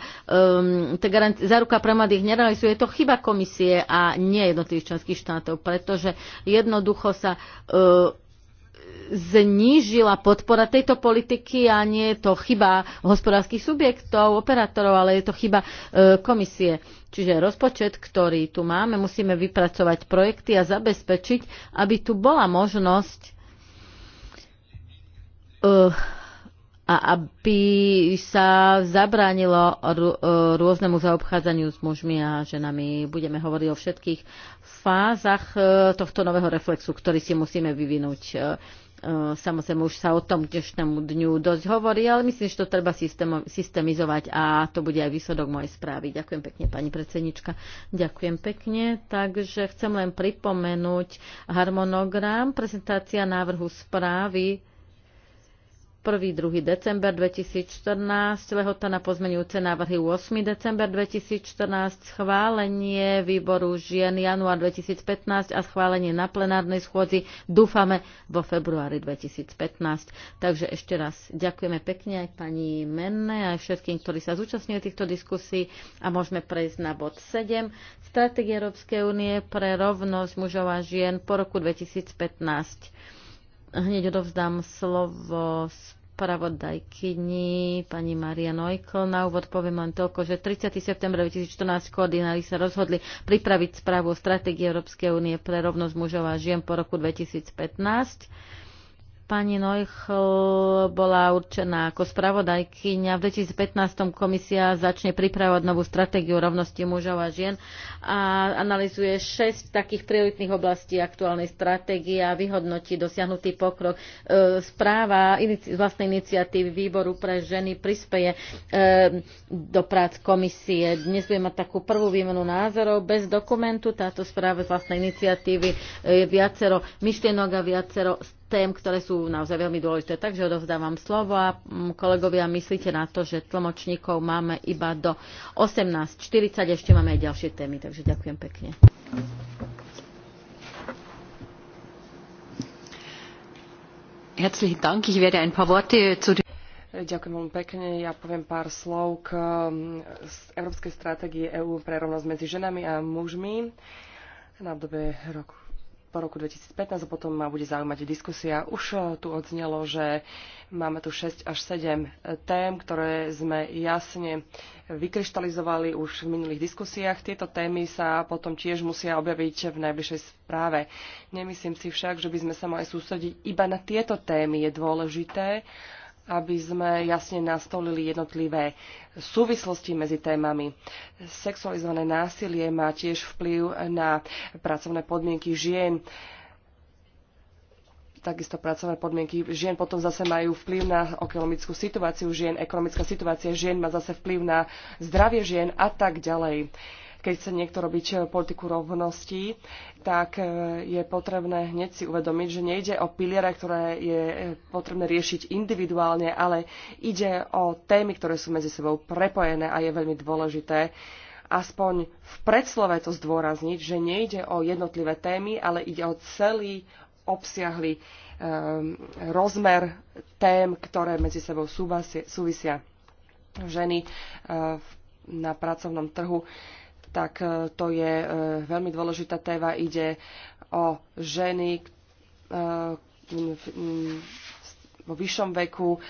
tá záruka pre mladých nerealizuje, nerealizuje, je to chyba komisie a nie jednotlivých členských štátov, pretože jednoducho sa e, znížila podpora tejto politiky a nie je to chyba hospodárskych subjektov, operátorov, ale je to chyba e, komisie. Čiže rozpočet, ktorý tu máme, musíme vypracovať projekty a zabezpečiť, aby tu bola možnosť e, a aby sa zabránilo e, rôznemu zaobchádzaniu s mužmi a ženami. Budeme hovoriť o všetkých fázach e, tohto nového reflexu, ktorý si musíme vyvinúť. E, samozrejme, už sa o tom dnešnému dňu dosť hovorí, ale myslím, že to treba systemizovať a to bude aj výsledok mojej správy. Ďakujem pekne, pani predsednička. Ďakujem pekne. Takže chcem len pripomenúť harmonogram, prezentácia návrhu správy 1. 2. december 2014, lehota na pozmenujúce návrhy 8. december 2014, schválenie výboru žien január 2015 a schválenie na plenárnej schôdzi dúfame vo februári 2015. Takže ešte raz ďakujeme pekne aj pani Menne aj všetkým, ktorí sa zúčastňujú týchto diskusí a môžeme prejsť na bod 7. Stratégia Európskej únie pre rovnosť mužov a žien po roku 2015. Hneď odovzdám slovo spravodajkyni pani Maria Nojko. Na úvod poviem len toľko, že 30. septembra 2014 koordinári sa rozhodli pripraviť správu o stratégii Európskej únie pre rovnosť mužov a žien po roku 2015 Pani Neuchl bola určená ako spravodajkyňa. V 2015 komisia začne pripravovať novú stratégiu rovnosti mužov a žien a analizuje 6 takých prioritných oblastí aktuálnej stratégie a vyhodnotí dosiahnutý pokrok. E, správa z vlastnej iniciatívy výboru pre ženy prispeje e, do prác komisie. Dnes budeme mať takú prvú výmenu názorov bez dokumentu. Táto správa z vlastnej iniciatívy je viacero myšlienok a viacero tém, ktoré sú naozaj veľmi dôležité. Takže odovzdávam slovo a mm, kolegovia, myslíte na to, že tlmočníkov máme iba do 18.40, ešte máme aj ďalšie témy, takže ďakujem pekne. Herzlichen Dank. Ich werde ein paar Worte zu Ďakujem veľmi pekne. Ja poviem pár slov k mm, Európskej stratégie EÚ EU pre rovnosť medzi ženami a mužmi na obdobie roku po roku 2015 a potom ma bude zaujímať diskusia. Už eh, tu odznelo, že máme tu 6 až 7 eh, tém, ktoré sme jasne vykryštalizovali už v minulých diskusiách. Tieto témy sa potom tiež musia objaviť v najbližšej správe. Nemyslím si však, že by sme sa mali sústrediť iba na tieto témy. Je dôležité, aby sme jasne nastolili jednotlivé súvislosti medzi témami. Sexualizované násilie má tiež vplyv na pracovné podmienky žien. Takisto pracovné podmienky žien potom zase majú vplyv na ekonomickú situáciu žien, ekonomická situácia žien má zase vplyv na zdravie žien a tak ďalej. Uh, keď chce niekto robiť eh, politiku rovnosti, tak eh, je potrebné hneď si uvedomiť, že nejde o piliere, ktoré je eh, potrebné riešiť individuálne, ale ide o témy, ktoré sú medzi sebou prepojené a je veľmi dôležité aspoň v predslove to zdôrazniť, že nejde o jednotlivé témy, ale ide o celý obsiahly um, ehm, rozmer tém, ktoré medzi sebou súvisia ženy uh, na pracovnom trhu. Uh, tak e, to je e, veľmi dôležitá téma. Ide o ženy e, vo vyššom veku,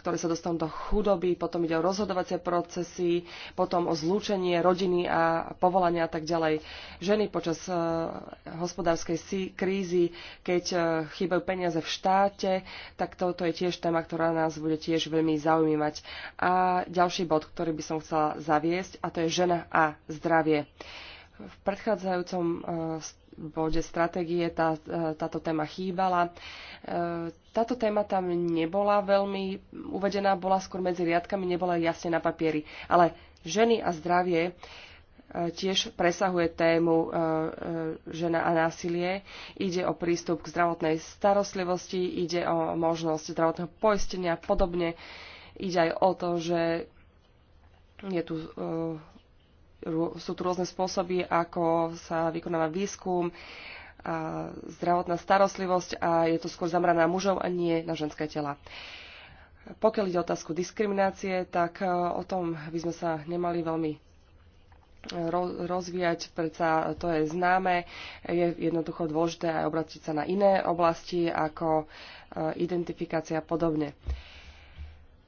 ktoré sa dostanú do chudoby, potom ide o rozhodovacie procesy, potom o zlúčenie rodiny a povolania a tak ďalej. Ženy počas uh, hospodárskej si- krízy, keď uh, chýbajú peniaze v štáte, tak toto je tiež téma, ktorá nás bude tiež veľmi zaujímať. A ďalší bod, ktorý by som chcela zaviesť, a to je žena a zdravie. V predchádzajúcom uh, bode stratégie tá, e, táto téma chýbala. E, táto téma tam nebola veľmi uvedená, bola skôr medzi riadkami, nebola jasne na papieri. Ale ženy a zdravie e, tiež presahuje tému žena a násilie. Ide o prístup k zdravotnej starostlivosti, ide o možnosť zdravotného poistenia a podobne. Ide aj o to, že je tu sú tu rôzne spôsoby, ako sa vykonáva výskum, a zdravotná starostlivosť a je to skôr zamraná mužov a nie na ženské tela. Pokiaľ ide o otázku diskriminácie, tak e, o tom by sme sa nemali veľmi e, rozvíjať, predsa to je známe. Je jednoducho dôležité aj obrátiť sa na iné oblasti ako e, identifikácia a podobne.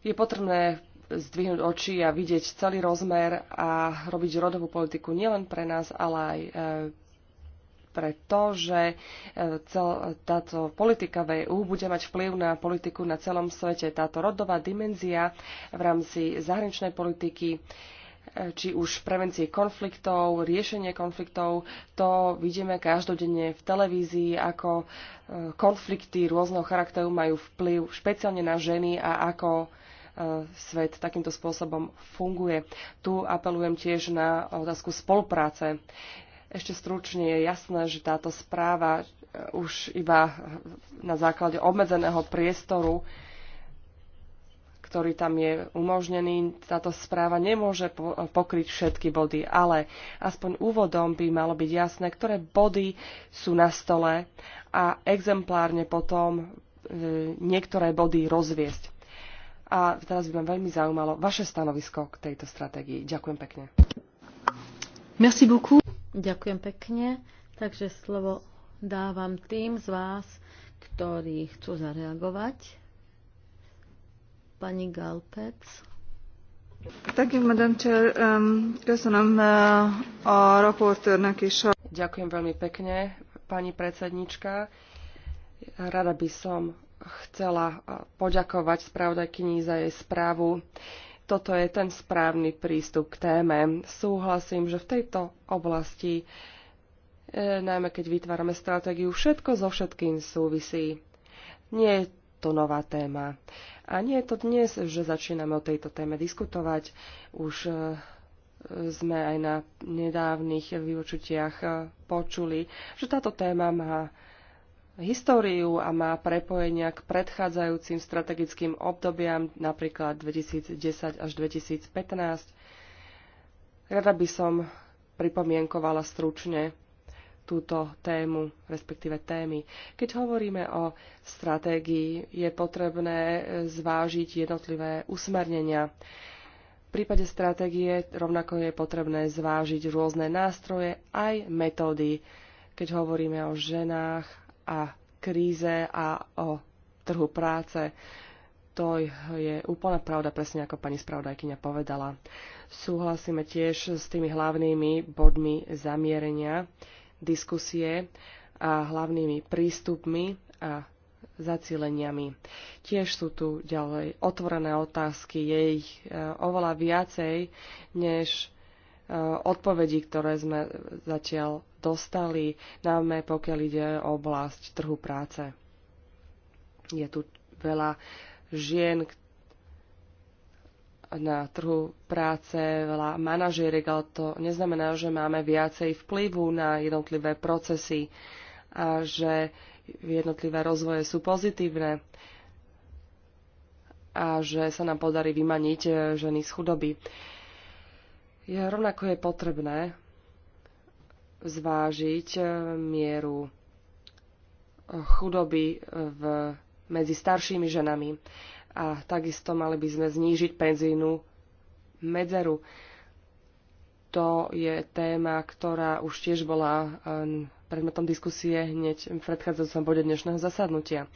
Je potrebné zdvihnúť oči a vidieť celý rozmer a robiť rodovú politiku nielen pre nás, ale aj e, preto, že e, cel, táto politika VU e bude mať vplyv na politiku na celom svete. Táto rodová dimenzia v rámci zahraničnej politiky či už prevencie konfliktov, riešenie konfliktov, to vidíme každodenne v televízii, ako konflikty rôzneho charakteru majú vplyv špeciálne na ženy a ako E, svet takýmto spôsobom funguje. Tu apelujem tiež na otázku spolupráce. Ešte stručne je jasné, že táto správa e, už iba na základe obmedzeného priestoru, ktorý tam je umožnený, táto správa nemôže pokryť všetky body, ale aspoň úvodom by malo byť jasné, ktoré body sú na stole a exemplárne potom e, niektoré body rozviesť a teraz by ma veľmi zaujímalo vaše stanovisko k tejto stratégii. Ďakujem pekne. Merci beaucoup. Ďakujem pekne. Takže slovo dávam tým z vás, ktorí chcú zareagovať. Pani Galpec. Um, uh, Ďakujem veľmi pekne, pani predsednička. Rada by som chcela eh, poďakovať spravodajkyni za jej správu. Toto je ten správny prístup k téme. Súhlasím, že v tejto oblasti, e, najmä keď vytvárame stratégiu, všetko so všetkým súvisí. Nie je to nová téma. A nie je to dnes, že začíname o tejto téme diskutovať. Už e, sme aj na nedávnych vyučutiach počuli, že táto téma má históriu a má prepojenia k predchádzajúcim strategickým obdobiam, napríklad 2010 až 2015. Rada by som pripomienkovala stručne túto tému, respektíve témy. Keď hovoríme o stratégii, je potrebné zvážiť jednotlivé usmernenia. V prípade stratégie rovnako je potrebné zvážiť rôzne nástroje aj metódy, keď hovoríme o ženách, a kríze a o trhu práce. To je úplná pravda, presne ako pani spravodajkyňa povedala. Súhlasíme tiež s tými hlavnými bodmi zamierenia, diskusie a hlavnými prístupmi a zacieleniami. Tiež sú tu ďalej otvorené otázky, je ich eh, oveľa viacej, než odpovedí, ktoré sme zatiaľ dostali, najmä pokiaľ ide o oblasť trhu práce. Je tu veľa žien na trhu práce, veľa manažeriek, ale to neznamená, že máme viacej vplyvu na jednotlivé procesy a že jednotlivé rozvoje sú pozitívne a že sa nám podarí vymaniť ženy z chudoby. Uh, je rovnako je potrebné zvážiť eh, mieru eh, chudoby eh, v, medzi staršími ženami a takisto mali by sme znížiť penzínu medzeru. To je téma, ktorá už tiež bola predmetom diskusie hneď v predchádzajúcom bode dnešného zasadnutia.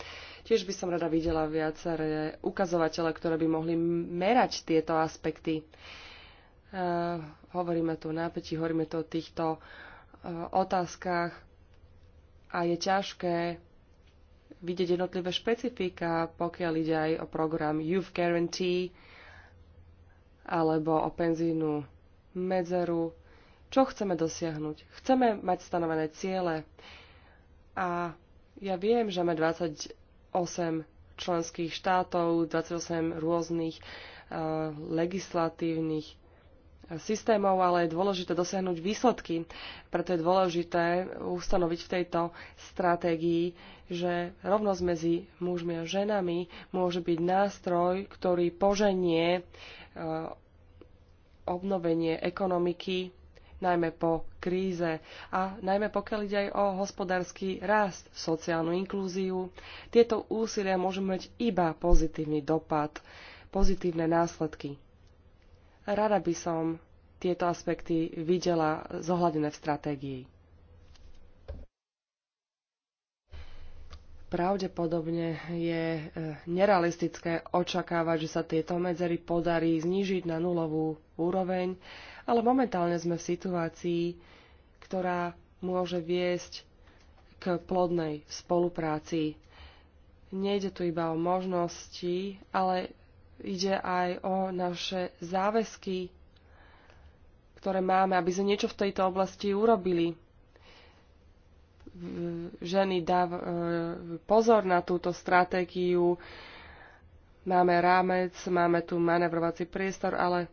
Tiež by som rada videla viaceré ukazovatele, ktoré by mohli merať tieto aspekty. Uh, Eh, hovoríme tu o napätí, hovoríme tu o týchto eh, otázkach a je ťažké vidieť jednotlivé špecifika, pokiaľ ide aj o program Youth Guarantee alebo o penzínu medzeru. Čo chceme dosiahnuť? Chceme mať stanovené ciele. A ja viem, že máme 28 členských štátov, 28 rôznych uh, legislatívnych systémov, ale je dôležité dosiahnuť výsledky. Preto je dôležité ustanoviť v tejto stratégii, že rovnosť medzi mužmi a ženami môže byť nástroj, ktorý poženie e, obnovenie ekonomiky, najmä po kríze a najmä pokiaľ ide aj o hospodársky rast, sociálnu inklúziu. Tieto úsilia môžu mať iba pozitívny dopad, pozitívne následky. Rada by som tieto aspekty videla zohľadené v stratégii. Pravdepodobne je e, nerealistické očakávať, že sa tieto medzery podarí znížiť na nulovú úroveň, ale momentálne sme v situácii, ktorá môže viesť k plodnej spolupráci. Nejde tu iba o možnosti, ale ide aj o naše záväzky, ktoré máme, aby sme niečo v tejto oblasti urobili. Ženy dáv e, pozor na túto stratégiu. Máme rámec, máme tu manevrovací priestor, ale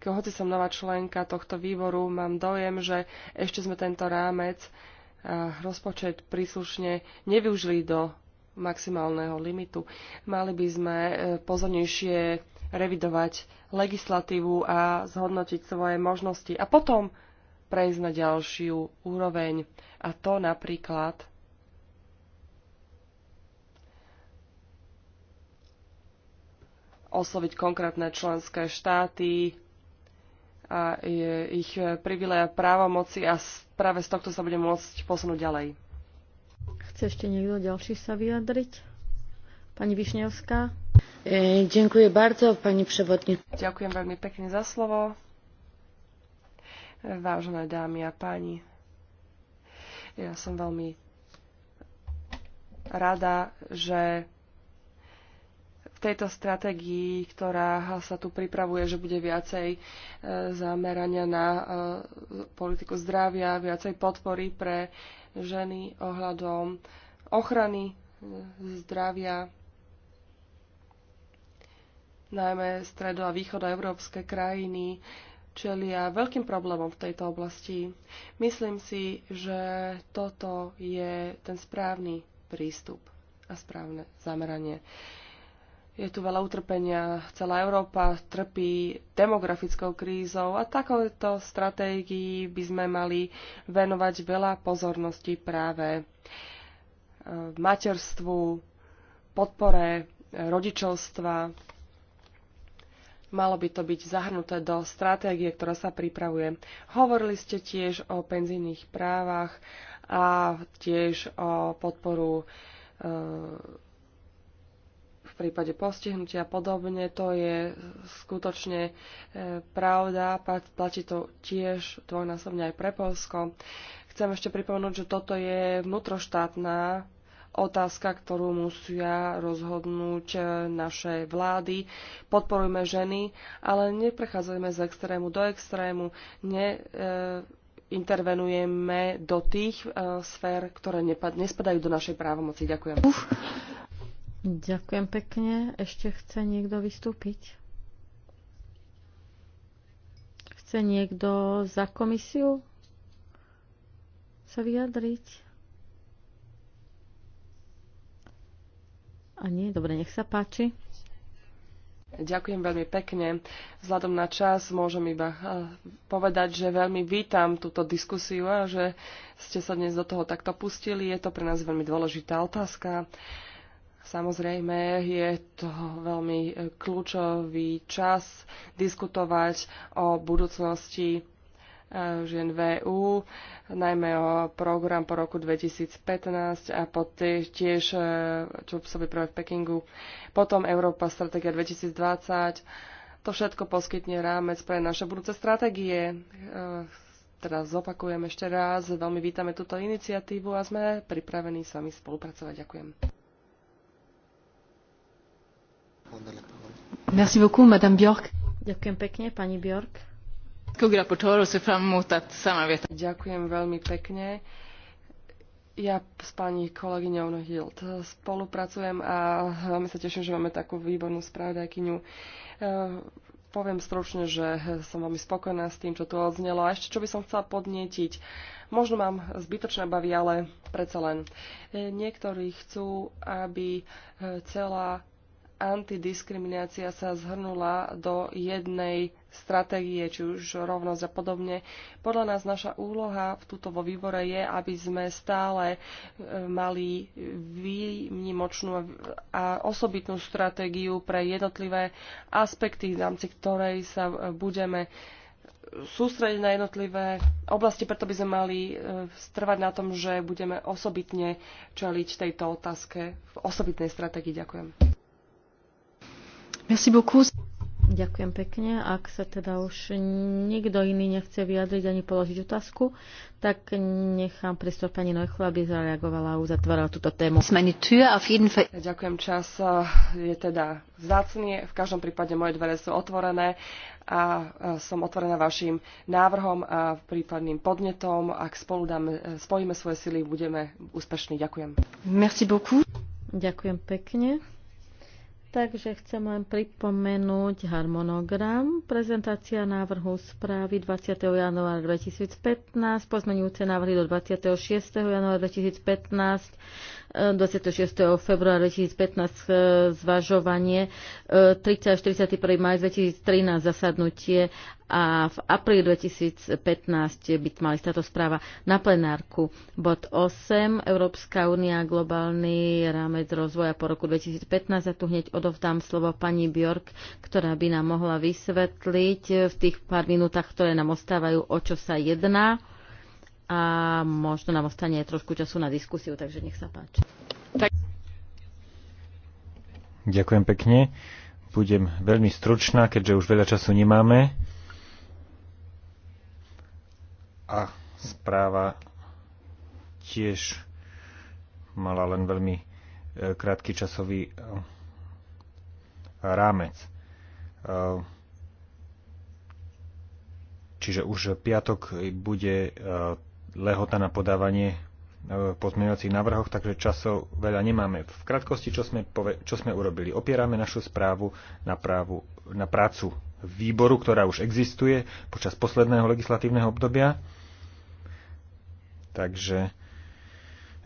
hoci som nová členka tohto výboru, mám dojem, že ešte sme tento rámec a rozpočet príslušne nevyužili do maximálneho limitu. Mali by sme e, pozornejšie revidovať legislatívu a zhodnotiť svoje možnosti a potom prejsť na ďalšiu úroveň. A to napríklad osloviť konkrétne členské štáty a ich privileja právomoci a práve z tohto sa budeme môcť posunúť ďalej. Chce ešte niekto ďalší sa vyjadriť? Pani Višňovská? E, ďakujem bardzo, pani przewodnicząca. Ďakujem veľmi pekne za slovo. Vážené dámy a páni, ja som veľmi rada, že v tejto stratégii, ktorá sa tu pripravuje, že bude viacej e, zamerania na e, politiku zdravia, viacej podpory pre ženy ohľadom ochrany e, zdravia, najmä stredo- a východoeurópske krajiny čelia veľkým problémom v tejto oblasti. Myslím si, že toto je ten správny prístup a správne zameranie. Je tu veľa utrpenia, celá Európa trpí demografickou krízou a takovéto stratégii by sme mali venovať veľa pozornosti práve e, materstvu, podpore e, rodičovstva. Malo by to byť zahrnuté do stratégie, ktorá sa pripravuje. Hovorili ste tiež o penzijných právach a tiež o podporu e, prípade postihnutia a podobne. To je skutočne e, pravda. Platí to tiež dvojnásobne aj pre Polsko. Chcem ešte pripomenúť, že toto je vnútroštátna otázka, ktorú musia rozhodnúť e, naše vlády. Podporujme ženy, ale neprechádzajme z extrému do extrému, neintervenujeme e, do tých e, sfér, ktoré nespadajú do našej právomoci. Ďakujem. Uf. Ďakujem pekne. Ešte chce niekto vystúpiť? Chce niekto za komisiu sa vyjadriť? A nie, dobre, nech sa páči. Ďakujem veľmi pekne. Vzhľadom na čas môžem iba eh, povedať, že veľmi vítam túto diskusiu a že ste sa dnes do toho takto pustili. Je to pre nás veľmi dôležitá otázka. Samozrejme, je to veľmi e, kľúčový čas diskutovať o budúcnosti e, žien VU, e najmä o program po roku 2015 a tiež, čo sa vyprve v Pekingu, potom Európa Stratégia 2020. To všetko poskytne rámec pre naše budúce stratégie. Teraz zopakujem ešte raz, veľmi vítame túto iniciatívu a sme pripravení s vami spolupracovať. Ďakujem. Merci beaucoup, Madame Ďakujem pekne, pani Bjork. Ďakujem veľmi pekne. Ja s pani kolegyňou Hild spolupracujem a veľmi sa teším, že máme takú výbornú spravodajkyňu. E, poviem stručne, že som veľmi spokojná s tým, čo tu odznelo. A ešte, čo by som chcela podnietiť. Možno mám zbytočné bavy, ale predsa len. E, niektorí chcú, aby e, celá antidiskriminácia sa zhrnula do jednej stratégie, či už rovnosť a podobne. Podľa nás naša úloha v túto vo výbore je, aby sme stále e, mali výnimočnú a osobitnú stratégiu pre jednotlivé aspekty, v rámci ktorej sa e, budeme sústrediť na jednotlivé oblasti, preto by sme mali strvať e, na tom, že budeme osobitne čeliť tejto otázke v osobitnej stratégii. Ďakujem. Merci beaucoup. Ďakujem pekne. Ak sa teda už nikto iný nechce vyjadriť ani položiť otázku, tak nechám priestor pani Nojchu, aby zareagovala a uzatvorila túto tému. Ďakujem, čas eh, je teda vzácný. V každom prípade moje dvere sú otvorené a eh, som otvorená vašim návrhom a prípadným podnetom. Ak spolu dáme, eh, spojíme svoje sily, budeme úspešní. Ďakujem. Merci beaucoup. Ďakujem pekne. Takže chcem len pripomenúť harmonogram. Prezentácia návrhu správy 20. januára 2015, pozmenujúce návrhy do 26. januára 2015, 26. E, februára 2015 e, zvažovanie, 30. až 41. maj 2013 zasadnutie a v apríli 2015 by mali táto správa na plenárku. Bod 8. Európska únia, globálny rámec rozvoja po roku 2015. A tu hneď odovdám slovo pani Bjork, ktorá by nám mohla vysvetliť v tých pár minútach, ktoré nám ostávajú, o čo sa jedná. A možno nám ostane trošku času na diskusiu, takže nech sa páči. Tak. Ďakujem pekne. Budem veľmi stručná, keďže už veľa času nemáme a správa tiež mala len veľmi e, krátky časový e, rámec. E, čiže už piatok bude lehota na podávanie pozmeňovacích návrhoch, takže časov veľa nemáme. V krátkosti, čo sme, pove- čo sme urobili? Opierame našu správu na, právu, na prácu výboru, ktorá už existuje počas posledného legislatívneho obdobia Takže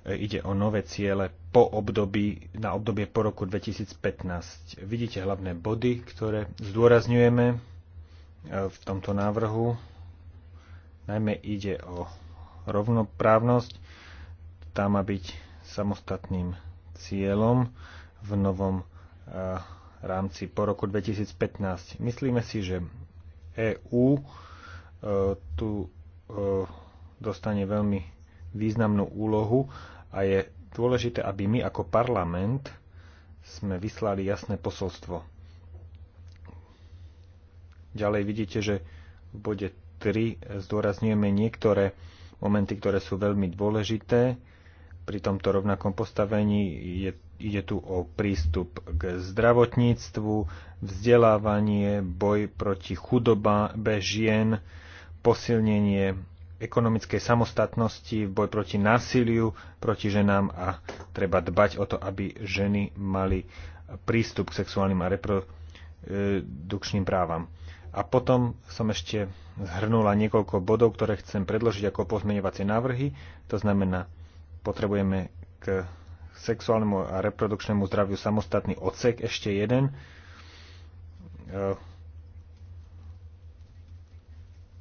e, ide o nové ciele po období, na obdobie po roku 2015. Vidíte hlavné body, ktoré zdôrazňujeme e, v tomto návrhu. Najmä ide o rovnoprávnosť. Tá má byť samostatným cieľom v novom e, rámci po roku 2015. Myslíme si, že EÚ tu dostane veľmi významnú úlohu a je dôležité, aby my ako parlament sme vyslali jasné posolstvo. Ďalej vidíte, že v bode 3 zdôrazňujeme niektoré momenty, ktoré sú veľmi dôležité. Pri tomto rovnakom postavení je, ide tu o prístup k zdravotníctvu, vzdelávanie, boj proti chudobe žien, posilnenie ekonomickej samostatnosti, boj proti násiliu proti ženám a treba dbať o to, aby ženy mali prístup k sexuálnym a reprodukčným právam. A potom som ešte zhrnula niekoľko bodov, ktoré chcem predložiť ako pozmeňovacie návrhy. To znamená, potrebujeme k sexuálnemu a reprodukčnému zdraviu samostatný odsek, ešte jeden e,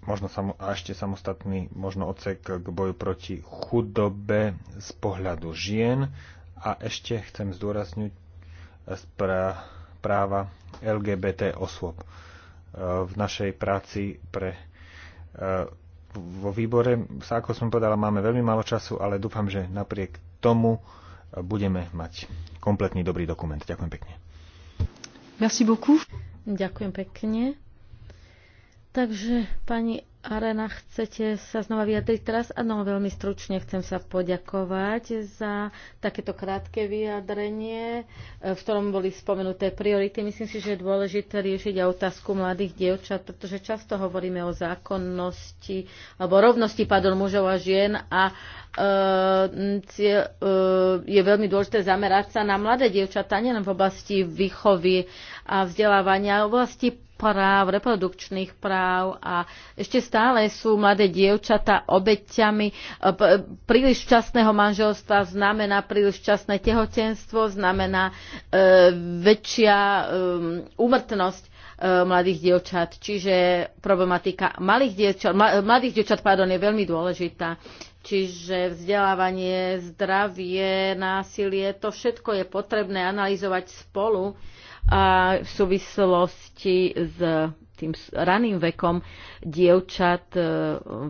možno samo, a ešte samostatný možno odsek k boju proti chudobe z pohľadu žien a ešte chcem zdôrazniť eh, pra, práva LGBT osôb. Eh, v našej práci pre eh, vo výbore sa, ako som povedala, máme veľmi málo času, ale dúfam, že napriek tomu budeme mať kompletný dobrý dokument. Ďakujem pekne. Merci beaucoup. Ďakujem pekne. Takže, pani Arena, chcete sa znova vyjadriť teraz? Áno, veľmi stručne chcem sa poďakovať za takéto krátke vyjadrenie, v ktorom boli spomenuté priority. Myslím si, že je dôležité riešiť aj otázku mladých dievčat, pretože často hovoríme o zákonnosti alebo rovnosti pardon, mužov a žien a e, e, je veľmi dôležité zamerať sa na mladé dievčatá, nielen v oblasti výchovy a vzdelávania, v oblasti práv, reprodukčných práv a ešte stále sú mladé dievčata obeťami e, príliš šťastného manželstva, znamená príliš šťastné tehotenstvo, znamená e, väčšia e, úmrtnosť e, mladých dievčat. Čiže problematika malých dievčat, mladých dievčat pardon, je veľmi dôležitá. Čiže vzdelávanie, zdravie, násilie, to všetko je potrebné analyzovať spolu a v súvislosti s tým raným vekom dievčat e,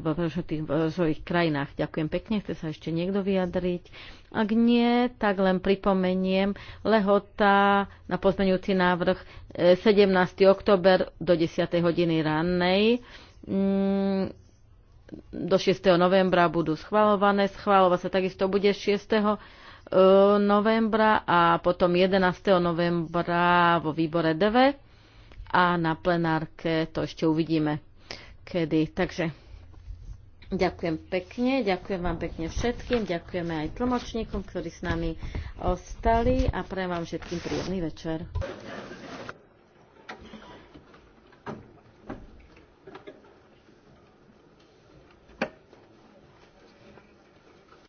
v tých rozvojových krajinách. Ďakujem pekne. Chce sa ešte niekto vyjadriť? Ak nie, tak len pripomeniem lehota na pozmeňujúci návrh 17. E, oktober do 10. hodiny rannej mm, do 6. novembra budú schvalované. Schvalovať sa takisto bude 6 novembra a potom 11. novembra vo výbore DV a na plenárke to ešte uvidíme kedy. Takže ďakujem pekne, ďakujem vám pekne všetkým, ďakujeme aj tlmočníkom, ktorí s nami ostali a prajem vám všetkým príjemný večer.